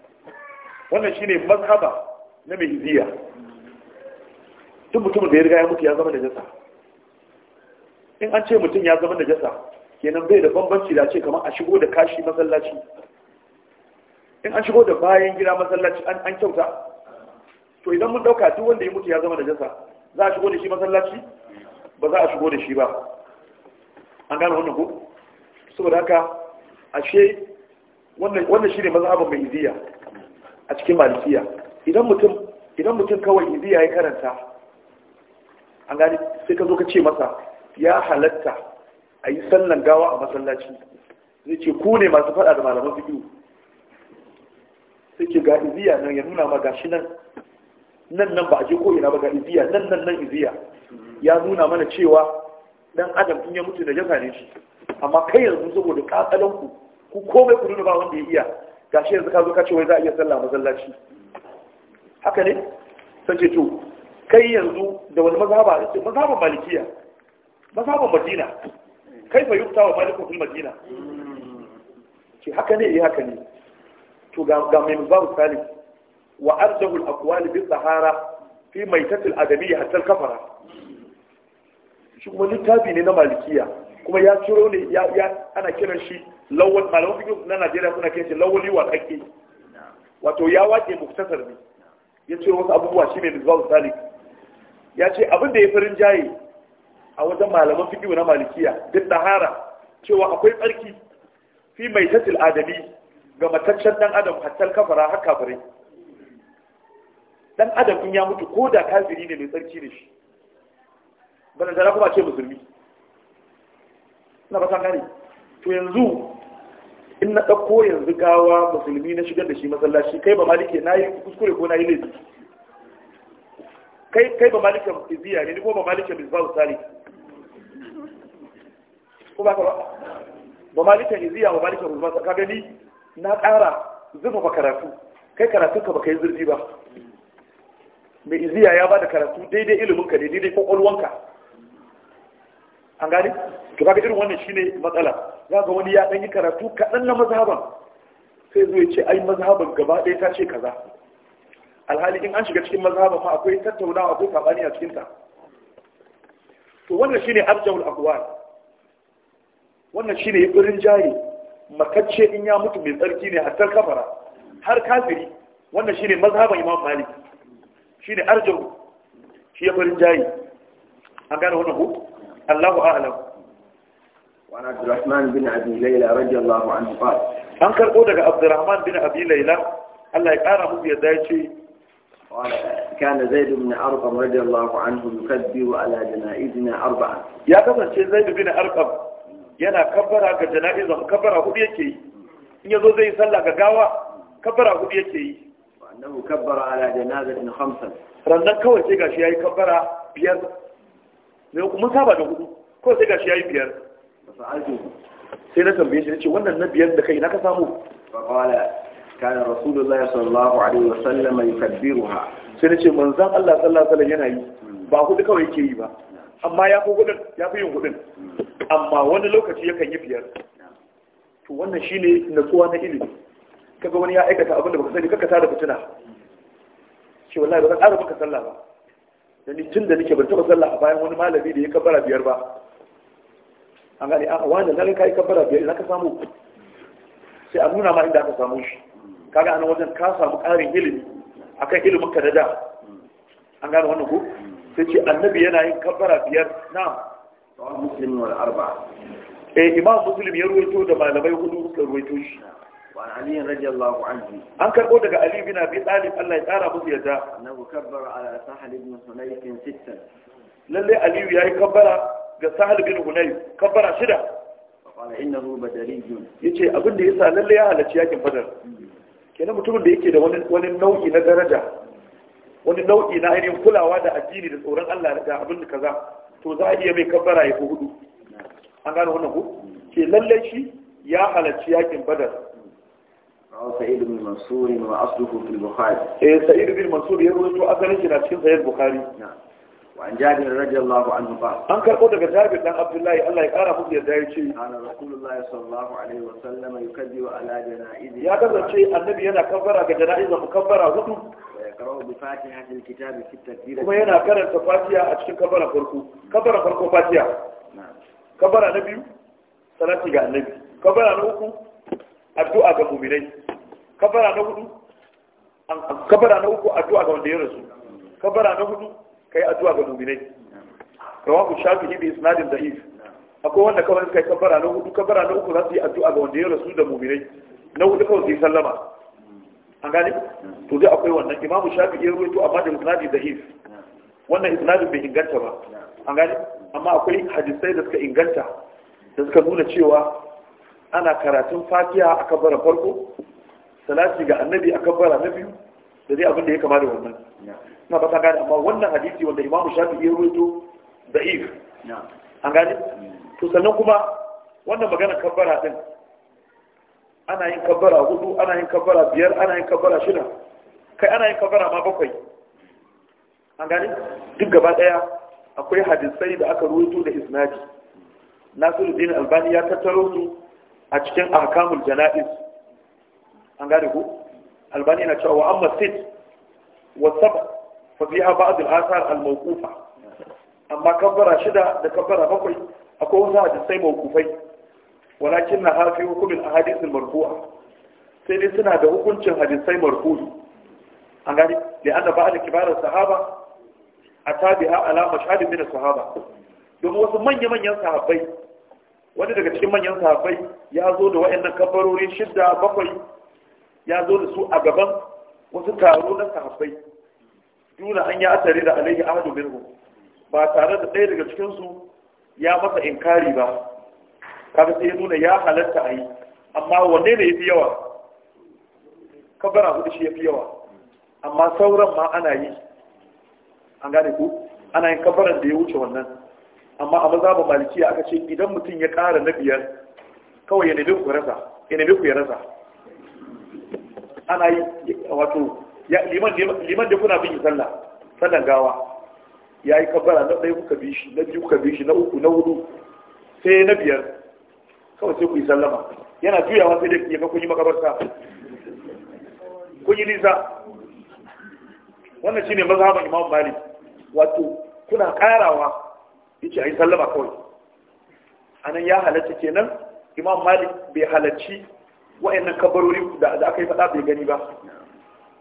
wannan shine mazhaba na mai iziya duk mutum da ya riga ya mutu ya zama da jasa. in an ce mutum ya zama da jasa kenan bai da bambanci da ce kamar a shigo da kashi masallaci in an shigo da bayan gida masallaci an kyauta to idan mun dauka duk wanda ya mutu ya zama da jasa, za a shigo da shi masallaci ba za a shigo da shi ba an gane wannan ko saboda haka ashe wannan shine mazhaban mai iziya a cikin malikiya idan mutum kawai iziya ya karanta an gani sai ka zo ka ce masa ya halatta a yi sannan gawa a masallaci zai ce ku ne masu faɗa da malaman fiƙi sai ce ga iziya nan ya nuna ma shi nan nan nan ba a je ko'ina ba ga iziya nan nan nan iziya ya nuna mana cewa dan adam in ya mutu da jasa ne shi amma kai yanzu saboda ƙaƙalanku ku komai ku nuna ba wanda ya iya gashi yanzu ka zo ka ce wai za a iya sallah masallaci haka ne sai ce to kai yanzu da wani mazhaba ce mazhaban malikiya mazhaban madina kai fa yukta wa malikun fil madina ce haka ne eh haka ne to ga ga mai mazhabu salih wa arjahu al aqwal bi sahara fi maitat al adabiyya hatta al kafara shi kuma littafi ne na malikiya kuma ya ciro ne ya ana kiran shi lawal malaman fiqh na Najeriya kuna kai ce, lawali wa hakki wato ya wace muktasar ne ya ce wasu abubuwa shine rizal salik ya ce abin da ya farin jaye a wajen malaman fiqh na malikiya duk dahara cewa akwai tsarki fi mai tatil adami ga mataccen dan adam hatta kafara har kafirai dan adam in ya mutu ko da kafiri ne mai tsarki ne shi bana da kuma ce musulmi na ba san gane to yanzu in na ɗauko yanzu gawa musulmi na shigar da shi masallaci kai ba malike na yi kuskure ko na yi laifi kai kai ba malikan iziya ne ni ko ba malikan bisbawu sali ko ba ka ba ba malikan iziya ba malikan bisbawu ka gani na ƙara zuba ba karatu kai karatu ka ba kai zurfi ba mai iziya ya ba da karatu daidai ilimin ka daidai kwakwalwanka an gane to kaga irin wannan shine matsala za ga wani ya dan yi karatu kaɗan na mazhaban sai zo ya ce ai mazhaban gaba ɗaya ta ce kaza alhali in an shiga cikin mazhaban ma akwai tattaunawa akwai sabani a cikin ta to wannan shine arjawul aqwal wannan shine irin jari makacce in ya mutu mai tsarki ne a kafara har kafiri wannan shine mazhaban imam malik shine arjaul shi ya farin Jari. an gane wannan hukum Allahu a'lam وعن عبد الرحمن بن أبي ليلى رضي الله عنه قال أنكر قولك عبد الرحمن بن أبي ليلى الله يقارن بيدايتي قال كان زيد بن أرقم رضي الله عنه يكبر على جنائزنا أربعة يا كما زيد بن أرقم yana kabbara ga jana'iza kabbara hudu yake yi in yazo zai yi sallah ga gawa kabbara hudu yake yi annahu kabbara ala janazatin khamsan rannan kawai yayi kabbara biyar mai mun saba da hudu ko sai gashi yayi biyar sai na tambaye shi ne ce, wannan na biyar da kai na ka samu faqala kana rasulullahi sallallahu alaihi wasallam yukabbiruha sai nace manzon Allah sallallahu alaihi wasallam yana yi ba hudu kawai yake yi ba amma ya fi hudun ya fi yin hudun amma wani lokaci yakan yi biyar to wannan shine natsuwa na ilimi kaga wani ya aikata abin da baka sani kaka tada fitina ce wallahi ba zan ƙara maka sallah ba da ni tun da nake ban taɓa sallah a bayan wani malami da ya kabbara biyar ba an gani a wani na ka yi kabbara biyar ina ka samu sai a nuna ma inda aka samu shi kaga anan wajen ka samu ƙarin ilimi akan ilimin ka na da an gane wannan ko sai ce annabi yana yin kabbara biyar na muslim wal arba eh imam muslim ya ruwaito da malamai hudu suka ruwaito shi an karbo daga الله عنه أنك قلت علي بن أبي طالب الله يتعرى بس يدا أنه كبر على سهل بن حنيف ستا للي علي يا كبر سهل بن حنيف كبر شدة فقال إنه بدري يجي أبن دي يسأل للي يا هلا شياك بدر kenan mutumin da yake da wani nau'i na daraja wani nau'i na ainihin kulawa da addini da tsoron Allah da abin da kaza to za a iya mai kabbara ya hudu an gano wannan ku ce hmm. lallai shi ya halarci yakin badar rawar sa'id bin eh, mansur ya rubuto asalin shi na cikin sayar bukari وعن جابر رضي الله عنه قال ان كرقوا دغ جابر دان عبد الله الله يقرا فيك يا دايي شي انا رسول الله صلى الله عليه وسلم يكدي على جنائز يا دغ شي النبي yana kafara ga jana'iza mukaffara hudu karo bi fatiha hadhihi alkitab fi at yana karanta fatiha a cikin kafara farko kafara farko fatiha kafara na biyu salati ga annabi kafara na uku addu'a ga mu'minai kafara na hudu kafara na uku addu'a ga wanda ya rasu kafara na hudu kai addu'a ga mu'minai rawahu shafi'i bi isnadin da'if akwai wanda kawai suka yi kafara na hudu kafara na uku za su yi addu'a ga wanda ya rasu da mu'minai na hudu kawai su yi sallama an gani? to dai akwai wannan imamu shafi ya ruwaito amma da isnadin da'if wannan isnadin bai inganta ba an gani? amma akwai hadisai da suka inganta da suka nuna cewa ana karatun fatiha a kabarin farko salati ga annabi a kabbara na biyu da zai abin da ya kama da wannan na ba ta gane amma wannan hadisi wanda imamu shafi ya ruwaito da if an gane mm. to sannan kuma wannan magana kabbara din ana yin kabbara hudu ana yin kabbara biyar ana yin kabbara shida kai ana yin kabbara ma bakwai an gane duk gaba daya akwai hadisai da aka ruwaito da isnadi nasiruddin albani ya tattaro su a cikin ahkamul jana'iz an gane ku albani na cewa amma sit wa sab fa biya ba al-asar al-mawqufa amma kabbara shida da kabbara bakwai akwai wasu sai mawqufai walakin na hafi hukumin ahadith al-marfu'a sai dai suna da hukuncin hadisai marfu'i an gane da ba da kibarar sahaba a ala mashhadin min as-sahaba don wasu manya-manyan sahabbai wani daga cikin manyan sahabbai ya zo da wa'annan kabbarori shidda bakwai ya zo da su a gaban wasu taro na sahabbai duna an ya tare da alaihi ahadu minhu ba tare da ɗaya daga cikinsu ya masa inkari ba kaga sai ya nuna ya halatta a yi amma wanne ne ya fi yawa kabara hudu shi ya fi yawa amma sauran ma ana yi an gane ku ana yin kabaran da ya wuce wannan amma a maza ba malikiya aka ce idan mutum ya ƙara na biyar kawai ya nemi ku ya rasa ana yi wato liman da kuna bin sallah sallan gawa ya yi kabbara na ɗaya kuka bishi na biyu kuka bishi na uku na hudu sai na biyar kawai sai ku yi sallama yana juyawa sai dai ya ga kun yi makabarta kun yi nisa wannan shine mazhaban imam malik wato kuna karawa yace ayi sallama kawai anan ya halarci kenan imam malik bai halarci wayannan kabarori da aka yi faɗa bai gani ba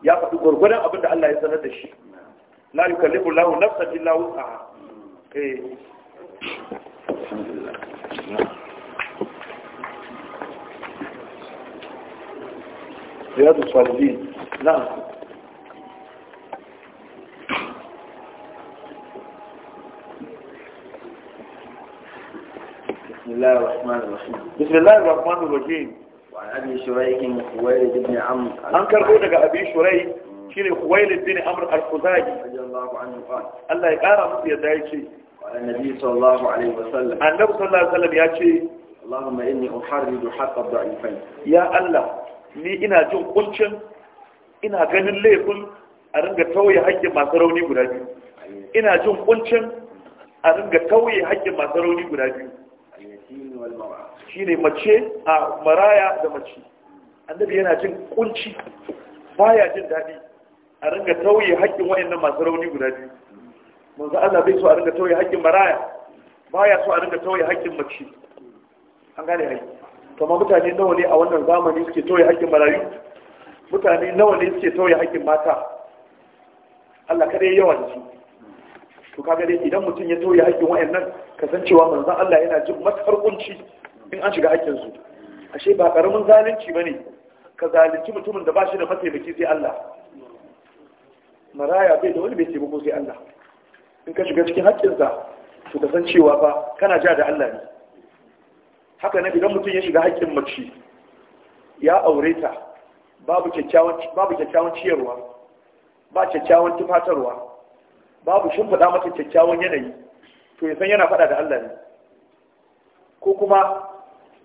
ya faɗi gwargwadon abin da Allah ya sanar da shi la yukallifu lahu nafsan illa wus'aha eh رياض الصالحين نعم بسم الله الرحمن الرحيم بسم الله الرحمن الرحيم an karbo daga abi shurai shine khuwailid bin amr al-khuzai Allah ya kara musu yadda yake annabi sallallahu alaihi wasallam annabi sallallahu alaihi wasallam yace Allahumma inni uharridu haqqa dha'ifain ya Allah ni ina jin kuncin ina ganin laifin a ringa tauye haƙƙin masu rauni guda biyu ina jin kuncin a ringa tauye haƙƙin masu rauni guda biyu shine mace a maraya da mace annabi yana jin kunci baya jin daɗi a ringa tauye haƙƙin wayannan masu rauni guda biyu manzo Allah bai so a ringa tauye haƙƙin maraya baya so a ringa tauye haƙƙin mace an gane ai kuma mutane nawa ne a wannan zamani suke tauye haƙƙin marayu mutane nawa ne suke tauye haƙƙin mata Allah kada ya yawan shi to kaga dai idan mutum ya tauye haƙƙin wayannan kasancewa manzo Allah yana jin matsar kunci in an shiga haƙƙinsu ashe ba ƙaramin zalunci ba ne ka zalunci mutumin da ba shi da mataimaki sai Allah maraya bai da wani bai taimako sai Allah in ka shiga cikin haƙƙinsa to ka san cewa ba kana ja da Allah ne haka nan idan mutum ya shiga haƙƙin mace ya aure ta babu kyakkyawan ciyarwa ba kyakkyawan tufatarwa babu shimfiɗa mata kyakkyawan yanayi to ya san yana faɗa da Allah ne ko kuma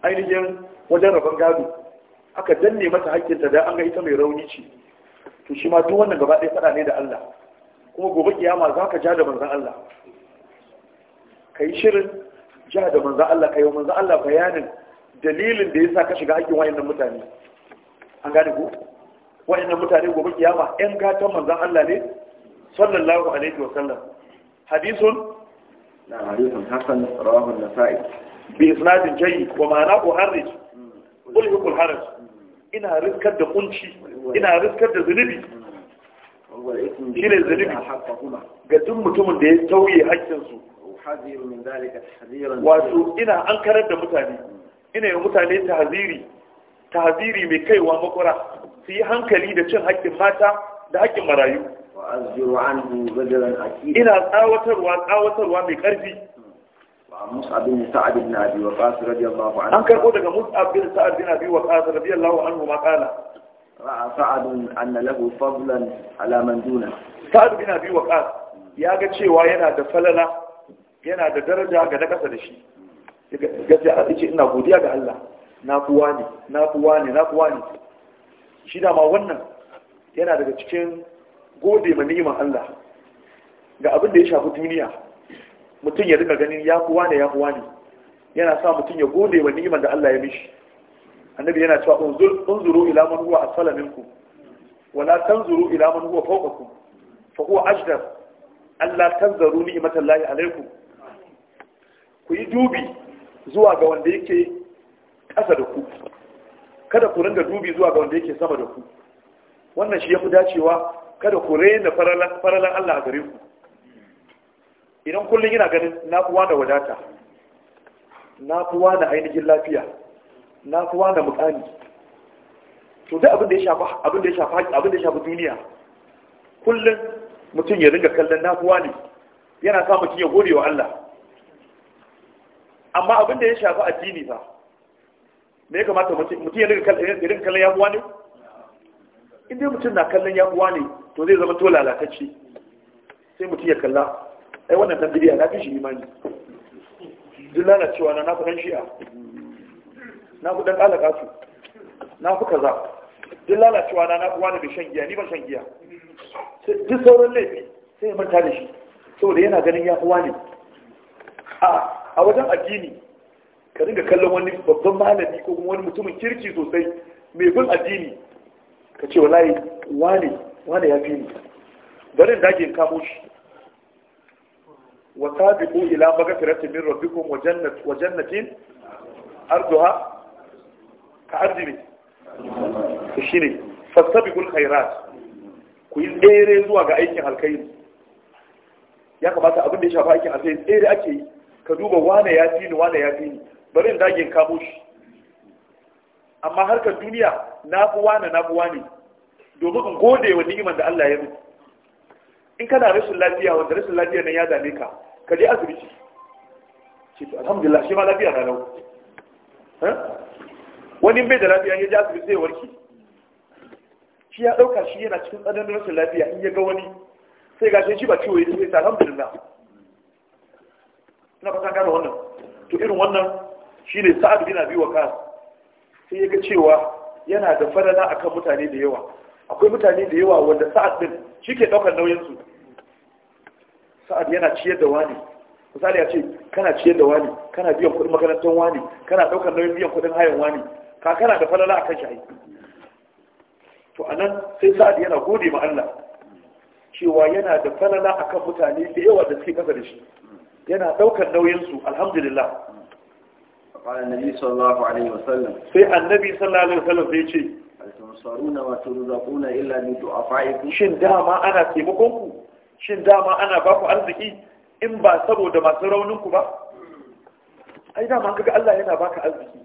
ainihin wajen rabon gado aka danne mata hakkinta da an ga ita mai rauni ce to shi ma duk wannan gaba ɗaya faɗa ne da Allah kuma gobe kiyama za ka ja da manzan Allah ka yi shirin ja da manzan Allah ka yi wa manzan Allah bayanin dalilin da ya sa ka shiga hakkin wayannan mutane an gane ku wayannan mutane gobe kiyama ƴan gatan manzan Allah ne sallallahu alaihi wa sallam hadisun na hadisun hasan rawahu an-nasa'i bi isnadin jayyid wa ma'ana uharrij ulhiqul haraj ina riskar da kunci ina riskar da zunubi shi ne zunubi ga duk mutumin da ya tauye haƙƙinsu wato ina an karar da mutane ina yi mutane tahaziri tahaziri mai kaiwa makwara su yi hankali da cin haƙƙin mata da haƙƙin marayu ina tsawatarwa tsawatarwa mai ƙarfi مصعب بن سعد بن أبي وقاص رضي الله عنه أنك يقول لك مصعب بن سعد بن أبي وقاص رضي الله عنه ما قال رأى سعد أن له فضلا على من دونه سعد بن أبي وقاص ga cewa yana da falala yana da daraja ga na kasa da shi gaskiya a ce ina godiya ga Allah na kuwa ne na kuwa ne na kuwa ne shi da ma wannan yana daga cikin gode ma ni'imar Allah ga abin da ya shafi duniya mutum ya rika ganin ya kuwa ne ya kuwa ne yana sa mutum ya gode wa ni'imar da Allah ya mishi annabi yana cewa unzuru ila man huwa asfala minkum wala tanzuru ila man huwa fawqakum fa huwa ajdar Allah tanzaru ni'matallahi alaikum ku yi dubi zuwa ga wanda yake ƙasa da ku kada ku ringa dubi zuwa ga wanda yake sama da ku wannan shi ya fi dacewa kada ku rena faralan Allah a gare ku idan kullum yana ganin na kuwa da wadata na kuwa da ainihin lafiya na kuwa da mukami to duk abin da ya shafa abin da ya shafa abin da ya shafa duniya kullum mutum ya ringa kallon na kuwa ne yana sa mutum ya gode wa Allah amma abin da ya shafa addini ba me ya kamata mutum ya ringa kallon ya kuwa ne in dai mutum na kallon ya kuwa ne to zai zama to lalatacce sai mutum ya kalla ai wannan dan na fi shi imani duk cewa na nafi dan shi'a na fi dan alaka su na fi kaza duk cewa na nafi wani bai shan giya ni ban shan giya duk sauran laifi sai ya manta da shi saboda yana ganin ya fi wani a wajen addini ka dinga kallon wani babban malami ko kuma wani mutumin kirki sosai mai bin addini ka ce wallahi wani wane ya fi ni bari in dage kamo shi وسابقوا إلى مغفرة من ربكم وجنة, وجنة أرضها كأرض shine fastabiqul khairat ku yi tsere zuwa ga aikin alkhairi ya kamata abin da ya shafa aikin alkhairi tsere ake yi ka duba wane ya fi ni wane ya fi ni bari in dage kamo shi amma harkar duniya na fi wane na fi wane domin in gode wa ni'imar da Allah ya mutu in kana rashin lafiya wanda rashin lafiya nan ya dame ka ka je asibiti ce to alhamdulillah shi ma lafiya na nau wani bai da lafiya ya je asibiti zai warke shi ya ɗauka shi yana cikin tsananin rashin lafiya in ya ga wani sai gashe shi ba ciwo ya ce alhamdulillah Suna fata gane wannan to irin wannan shi ne sa'ad bin abi waqas sai ya ga cewa yana da farada akan mutane da yawa akwai mutane da yawa wanda sa'ad din shi ke ɗaukar nauyin su sa'ad yana ciyar da wani misali ya ce kana ciyar da wani kana biyan kuɗin makarantar wani kana ɗaukar nauyin biyan kuɗin hayan wani ka kana da falala akan shi to anan sai sa'ad yana gode ma Allah cewa yana da falala akan mutane da yawa da suke kasa da shi yana ɗaukar nauyin su alhamdulillah قال النبي صلى الله عليه وسلم في النبي صلى الله عليه وسلم في شيء هل وترزقون إلا من ضعفائكم شن أنا shin dama ana ba ku arziki in ba saboda masu rauninku ba ai dama kaga Allah yana baka arziki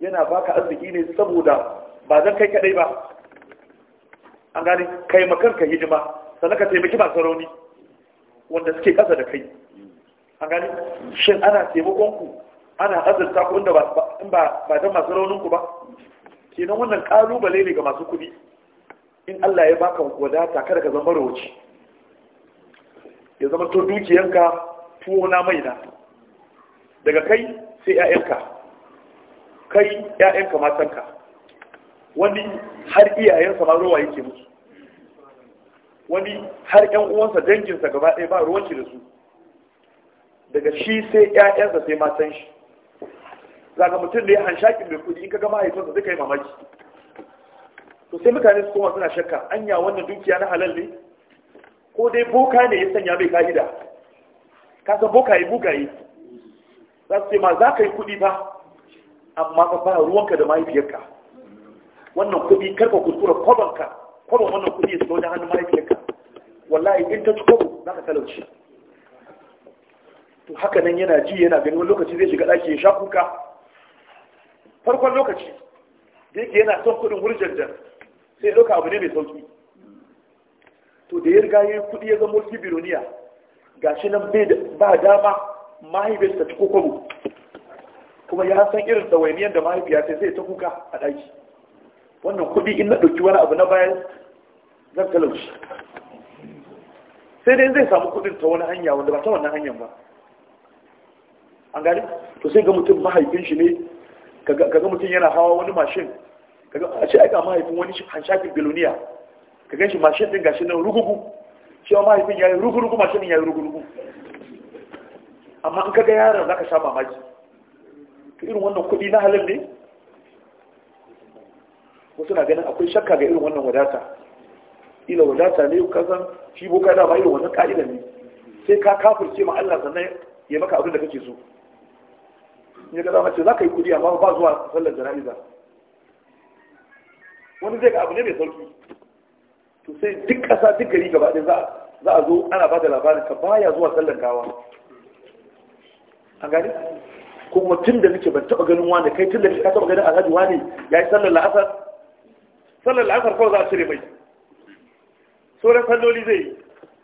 yana baka arziki ne saboda ba zan kai kadai ba an gani kai makanka hidima sannan ka taimaki masu rauni wanda suke kasa da kai an gani shin ana taimakon ku ana azurta ku inda ba ba dan masu raunin ku ba kenan wannan kalubale ne ga masu kuɗi in Allah ya baka wadata kada ka zama rawaci ya zama to dukiyanka tuwo na maina daga kai sai 'ya'yanka kai 'ya'yanka matanka wani har iyayensa ma ruwa yake musu wani har 'yan uwansa danginsa gaba ɗaya ba ruwan da su daga shi sai 'ya'yansa sai matan shi zaka mutum da ya hanshakin mai kudi in ka gama haifinsa zai yi mamaki to sai mutane su koma suna shakka anya wannan dukiya na halal ne ko dai boka ne ya sanya mai ka'ida ka san boka yi za su ce ma za ka yi kuɗi ba amma ka ba ruwanka da mahaifiyarka wannan kuɗi karfa kuskura kwabanka kwaban wannan kuɗi ya shiga wajen hannun mahaifiyarka wallahi in ta ci kwabo za ka talauci to haka nan yana ji yana ganin lokaci zai shiga ɗaki ya sha kuka farkon lokaci da yake yana son kuɗin wurjanjar sai ɗauka abu ne mai sauki to da ya riga ya kuɗi ya zama mulki biloniya gashi nan ba dama mahaifiyarsa ta kokobo kuma ya san irin ɗawainiyar da mahaifiya ta sai ta kuka a ɗaki wannan kuɗi in na ɗauki wani abu na bayan zan talauci sai dai zai samu kuɗin ta wani hanya wanda ba ta wannan hanyar ba an gani to sai ga mutum mahaifin shi ne kaga mutum yana hawa wani mashin kaga a ce aika mahaifin wani hanshakin biloniya ka gan shi mashin ɗin gashi nan rugugu cewa mahaifin ya yi rugurugu mashin ya yi rugurugu amma in ka ga yaron za ka sha mamaki ta irin wannan kuɗi na halin ne wasu na ganin akwai shakka ga irin wannan wadata ila wadata ne ka san shi boka dama irin wannan ka'ida ne sai ka kafirce ma Allah sannan ya maka abin da kake so In ya ga mace za ka yi kuɗi amma ba zuwa sallar jana'iza wani zai ga abu ne mai sauki to sai duk ƙasa duk gari gaba ɗaya za a zo ana ba da labarin ka baya zuwa sallan gawa a gari kuma tun da nake ban taɓa ganin wani kai tun da ka taɓa ganin alhaji wani ya yi sallar la'asar sallar la'asar kawai za a cire mai sauran salloli zai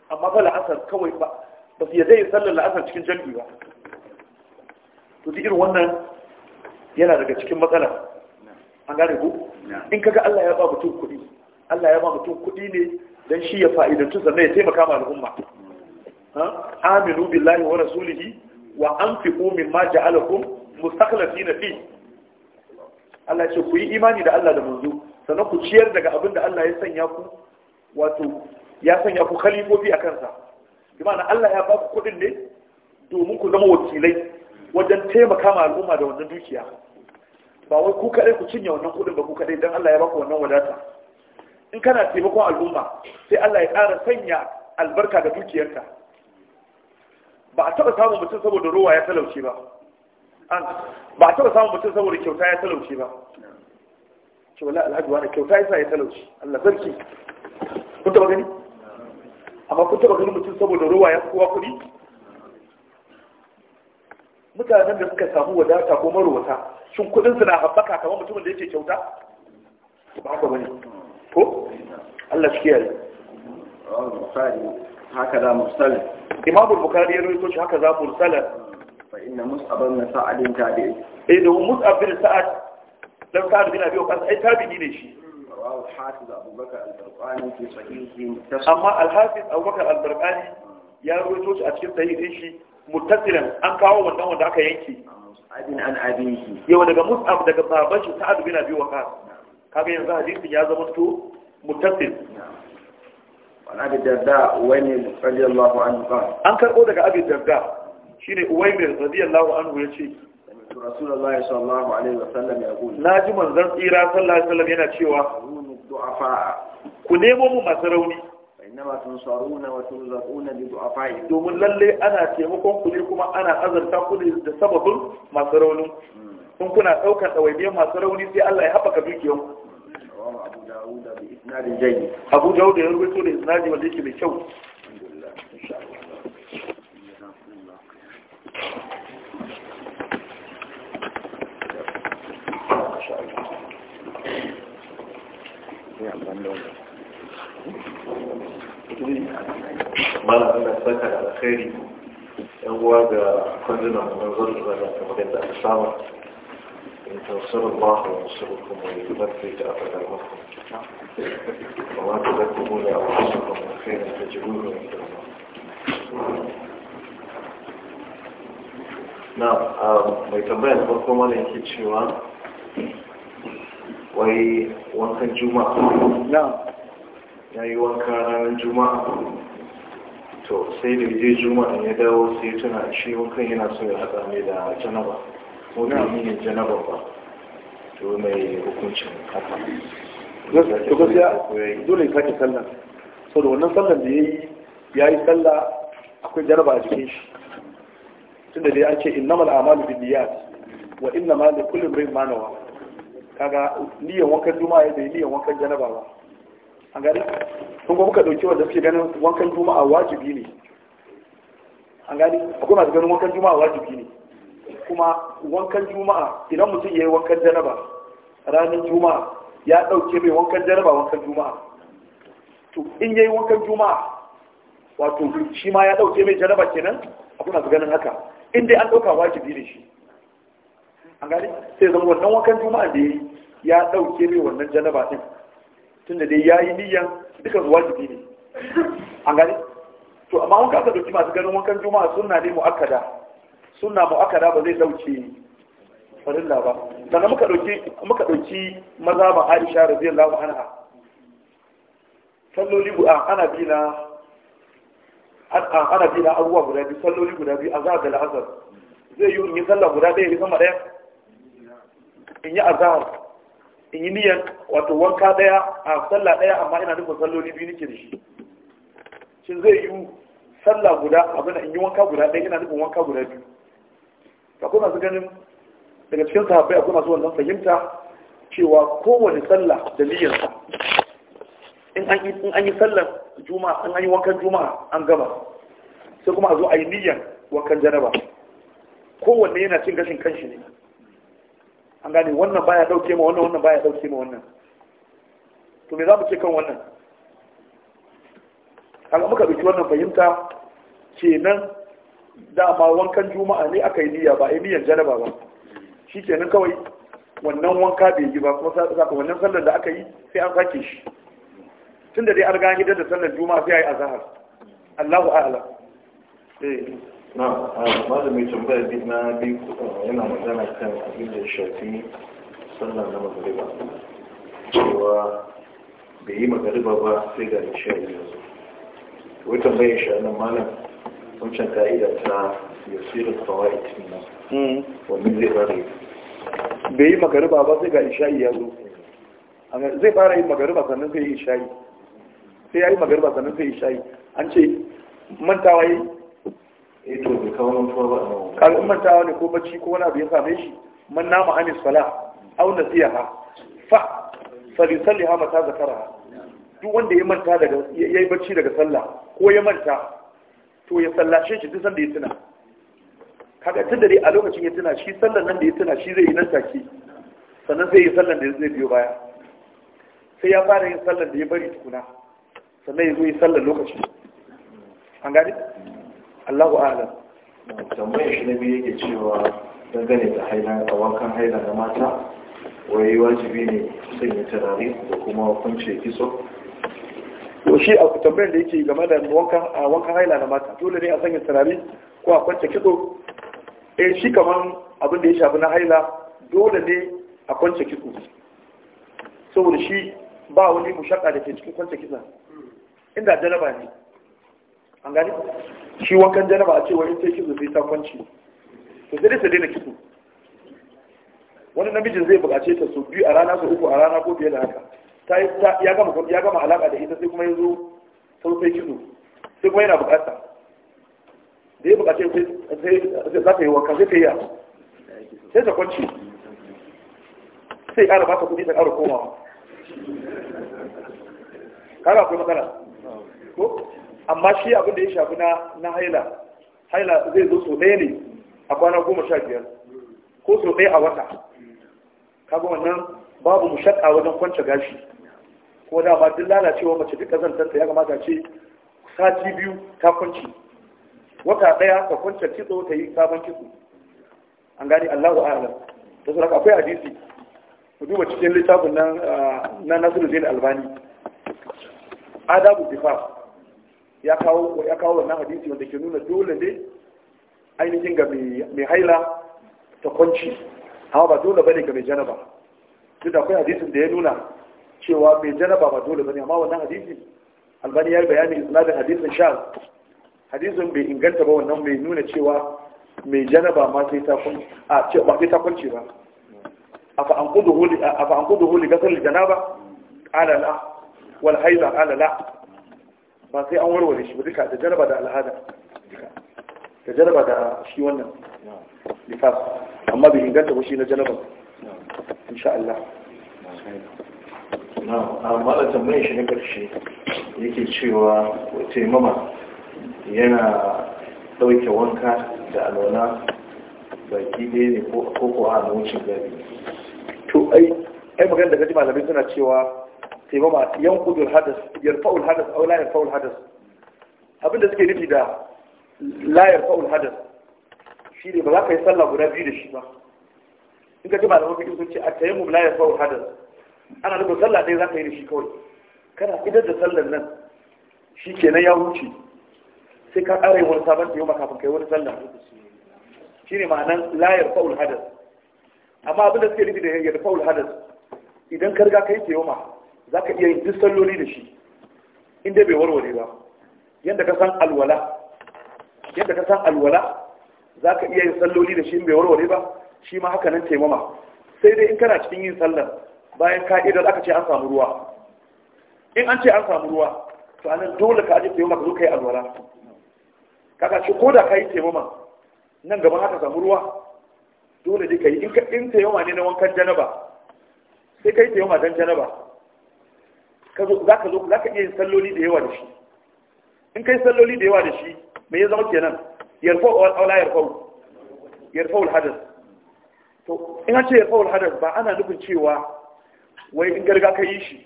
amma fa la'asar kawai ba ba su yadda yi sallar la'asar cikin jam'i ba to duk irin wannan yana daga cikin matsala an gane ku in kaga Allah ya ba mutum kuɗi Allah ya ba mutum kuɗi ne don shi ya fa'idantu sannan ya taimaka ma al'umma aminu billahi wa rasulihi wa ja mimma ja'alakum mustakhlifina fi Allah ce ku yi imani da Allah da manzo sannan ku ciyar daga abin da Allah ya sanya ku wato ya sanya ku khalifofi a kansa bimana Allah ya ba ku kuɗin ne domin ku zama wakilai wajen taimaka ma al'umma da wannan dukiya ba wai ku kaɗai ku cinye wannan kuɗin ba ku kaɗai don Allah ya ba ku wannan wadata in kana taimakon al'umma sai Allah ya ƙara sanya albarka da dukiyarka ba a taɓa samun mutum saboda ruwa ya talauce ba ba a taɓa samun mutum saboda kyauta ya talauce ba ce wala alhaji wani kyauta ya sa ya talauce Allah zarki kun taɓa gani amma kun taɓa gani mutum saboda ruwa ya kowa kuɗi mutanen da suka samu wadata ko marowata shin kuɗinsu na haɓaka kamar mutumin da yake kyauta ba ba bane ko Allah shi kiyaye Bukhari haka da mursal Imam Bukhari ya rawaito shi haka za mursal fa inna Mus'ab bin Sa'ad tabi'i eh da Mus'ab bin Sa'ad don Sa'ad bin Abi Waqqas ai tabi'i ne shi Amma أبو abubakar البرقاني في صحيحه متصل أما الحافظ أبو بكر البرقاني يا رويتوش أتشير صحيح إيشي متصلا أن كاو وندو وندعك ينكي عن أبيه يو دقى مصعب دقى kaga yanzu hadisin ya zama to muttasil wani abin darda wani radiyallahu anhu kan an karɓo daga abin darda shine uwaimir radiyallahu anhu ya ce rasulullahi sallallahu alaihi wasallam ya gudu na ji manzon tsira sallallahu alaihi wasallam yana cewa ku nemo mu masu rauni innama tunsaruna wa turzaquna bi du'afai domin lalle ana taimakon ku ne kuma ana azarta ku ne da sababin masu rauni kun hmm. kuna daukar dawaibiyar masu rauni sai Allah ya haɓaka dukiyanku داود بإسناد جيد أبو داود يروي طول إسناد وليس بالكو الحمد لله إن شاء الله ما شاء الله. يا الله. ما لا أنا سكر خيري. هو ده كلنا من غرض ولا كمدة أسامة. إن تنصروا الله وينصركم ويثبت أقدامكم وما تقدموا لأنفسكم من تجدوه عند الله na mai tambayar farko mana yake cewa wai wankan juma'a na ya yi wanka ranar juma'a to sai da juma'a ya dawo sai tuna shi wankan yana so ya haɗa mai da janaba ko na aminin janaba ba to mai hukuncin haka to gaskiya dole ka ke sallan saboda wannan sallan da yayi yayi sallah akwai jaraba a cikin shi tunda dai an ce innamal a'malu binniyat wa innama li kulli imrin ma nawa kaga niyan wankan juma'a ya bai niyan wankan janaba ba an gani kun ga muka dauki wanda suke ganin wankan juma'a wajibi ne an gani akwai masu ganin wankan juma'a wajibi ne kuma wankan juma'a idan mutum ya yi wankan janaba ranar juma'a ya ɗauke mai wankan janaba wankan juma'a to in ya yi wankan juma'a wato shi ma ya ɗauke mai janaba kenan a kuna su ganin haka in dai an ɗauka wajibi ne shi an gani sai zama wannan wankan juma'a da ya yi ya ɗauke mai wannan janaba ɗin tunda dai ya yi niyan dukkan wajibi ne an gani to amma wanka aka ɗauki masu ganin wankan juma'a sunna ne mu'akkada suna mu'akada ba zai dauke farilla ba sannan muka dauki muka dauki maza ba Aisha radiyallahu anha salloli guda ana bina na ana bi na abubuwa guda biyu salloli guda biyu azhar da al'asr zai yi in sallah guda ɗaya ne sama ɗaya in yi azhar in yi niyyar wato wanka ɗaya a sallah ɗaya amma ina nufin salloli biyu nake da shi shin zai yi sallah guda abin in yi wanka guda ɗaya ina nufin wanka guda biyu akwai masu ganin daga cikin sahabbai akwai masu wannan fahimta cewa kowane sallah da niyyarsa in an yi sallar juma'a an yi wankan juma'a an gama sai kuma a zo a yi niyyar wankan janaba kowanne yana cin gashin kanshi ne an gane wannan baya dauke ma wannan wannan baya dauke ma wannan to me za mu ce kan wannan haka muka biki wannan fahimta kenan dama wankan juma'a ne aka yi niyya ba a yi niyyar janaba ba shi kenan kawai wannan wanka bai yi ba kuma saka wannan sallar da aka yi sai an sake shi tun da dai an gani da sallar juma'a sai a yi azahar allahu a'ala eh. na malamin tambayar bi na bi yana magana kan abin da shafi sallar na magariba cewa bai yi magariba ba sai ga nishayi yanzu wai tambayar shi nan malam wancan ta hmm. zai fara bai yi magariba ba sai ga isha'i ya zo zai fara magariba sannan sai yi isha'i sai ya yi magariba sannan yi isha'i an ce mantawa yi eto eh, bai ba a nan mantawa ne ko bacci ko wani abu ya same shi man nama fala au fa mata zakara duk wanda ya manta daga yayi bacci daga sallah ko ya manta to ya sallace shi duk sanda ya tuna kaga tun da dai a lokacin ya tuna shi sallan nan da ya tuna shi zai yi nan take sannan zai yi sallan da zai biyo baya sai ya fara yin sallan da ya bari tukuna sannan ya zo yi sallan lokacin an gani Allahu a'lam tambayar shi na biyu yake cewa dangane da haila da wankan haila na mata wai wajibi ne sanya turare da kuma kunce kiso to shi a tambayar da yake game da wankan a wankan haila na mata dole ne a sanya turare ko a kwance kitso eh shi kaman abin da ya shafi na haila dole ne a kwance kitso saboda shi ba wani mushaka da ke cikin kwance kitsa inda jaraba ne an gani shi wankan jaraba a cewa in sai kitso sai ta kwance to sai dai sai daina kitso wani namijin zai buƙace ta so biyu a rana so uku a rana ko biyar da haka ya gama ya gama alaka da ita sai kuma yanzu sun sai kizo sai kuma yana bukata da ya bukace sai za ta yi wanka sai ta yi sai ta kwanci sai ƙara ba ta kuɗi ta ƙara komawa kaga akwai matsala ko amma shi abin da ya shafi na na haila haila zai zo sau ɗaya ne a kwana goma sha biyar ko sau ɗaya a wata kaga wannan babu mushakka wajen kwance gashi ko da ba duk lalacewa mace duk kazantarta ya kamata ce sati biyu ta kunci wata daya ka kunce kitso ta yi sabon kitso an gani Allahu a'lam to saboda akwai hadisi ku duba cikin littafin nan ah, na Nasiruddin Albani adabu difa ya kawo ya kawo wannan hadisi wanda ke nuna dole ne ainihin ga mai haila ta kunci amma ba dole bane ga mai janaba duk da akwai hadisin da ya nuna cewa mai janaba ba dole bane amma wannan hadisi albani ya bayani isnadin hadisin sha hadisin bai inganta ba wannan mai nuna cewa mai janaba ma sai ta kun a ce ba sai ta kunce ba afa an kudu huli afa an kudu huli gasal janaba ala la wal haida ala la ba sai an warware shi ba duka da janaba da al'ada da janaba da shi wannan lifas amma bai inganta ba shi na janaba insha Allah amma da tambayin shi na ƙarshe yake cewa wace mama yana ɗauke wanka da alona baki ɗaya ne ko ko a wucin gari to ai ai magana da kaji malamai suna cewa sai mama kudur hadas yarfa'ul hadas a la yarfa'ul hadas abinda suke nufi da la'yar faul hadas shi ne ba za ka yi sallah guda biyu da shi ba in ka ji malamai sun ce a tayammum la faul hadas ana da sallah ɗaya za ka yi da shi kawai kana idar da sallar nan shi ke ya wuce sai ka ƙara yin wani sabon ta yau kafin kai wani sallah shi ne ma'anan layar fa'ul hadas amma abin da suke rufi da yadda fa'ul hadas idan ka riga kai teyoma za ka iya yin duk salloli da shi inda bai warware ba yadda ka san alwala yadda ka san alwala za ka iya yin salloli da shi bai warware ba shi ma haka nan taimama sai dai in kana cikin yin sallar bayan ka'idar aka ce an samu ruwa in an ce an samu ruwa to anan dole ka aje taimama ka zo kai alwala kaga ce ko da ka yi taimama nan gaban haka samu ruwa dole dai ka yi in taimama ne na wankan janaba sai ka yi taimama don janaba za ka zo za ka iya yin salloli da yawa da shi in kai salloli da yawa da shi me ya zama kenan yarfa wa aula yarfa yarfa al hadas. to in an ce yarfa al ba ana nufin cewa wai in garga ka yi shi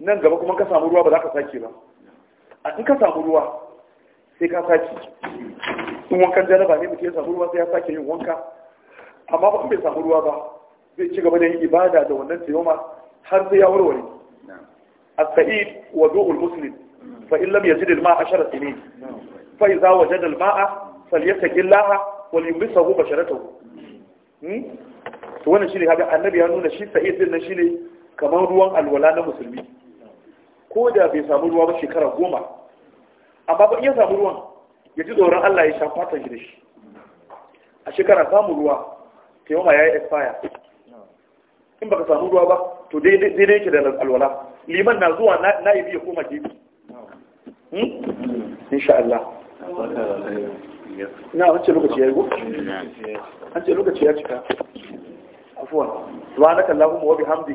nan gaba kuma ka samu ruwa ba za ka sake ba a in ka samu ruwa sai ka sake in wankan jaraba ne mutum ya samu ruwa sai ya sake yin wanka amma ba bai samu ruwa ba zai ci gaba da yin ibada da wannan tiyoma har sai ya warware A said wa du'ul muslim fa in lam yajid al-ma'a shara sinin fa idza wajada al-ma'a falyattaqi Allah wa yumrisahu basharatahu hmm? to wannan shine kaga annabi ya nuna shi sa'id din nan shine kamar ruwan alwala na musulmi ko da bai samu ruwa ba shekara goma amma ba iya samu ruwan ya ji tsoron Allah ya shafa ta shi da shi a shekara samu ruwa taimama ya yi expire in baka samu ruwa ba to dai dai yake da alwala liman na zuwa na ibi ya koma gefe hmm? insha Allah na an ce lokaci ya yi an ce lokaci ya cika afuwan subhanaka allahumma wa hamdi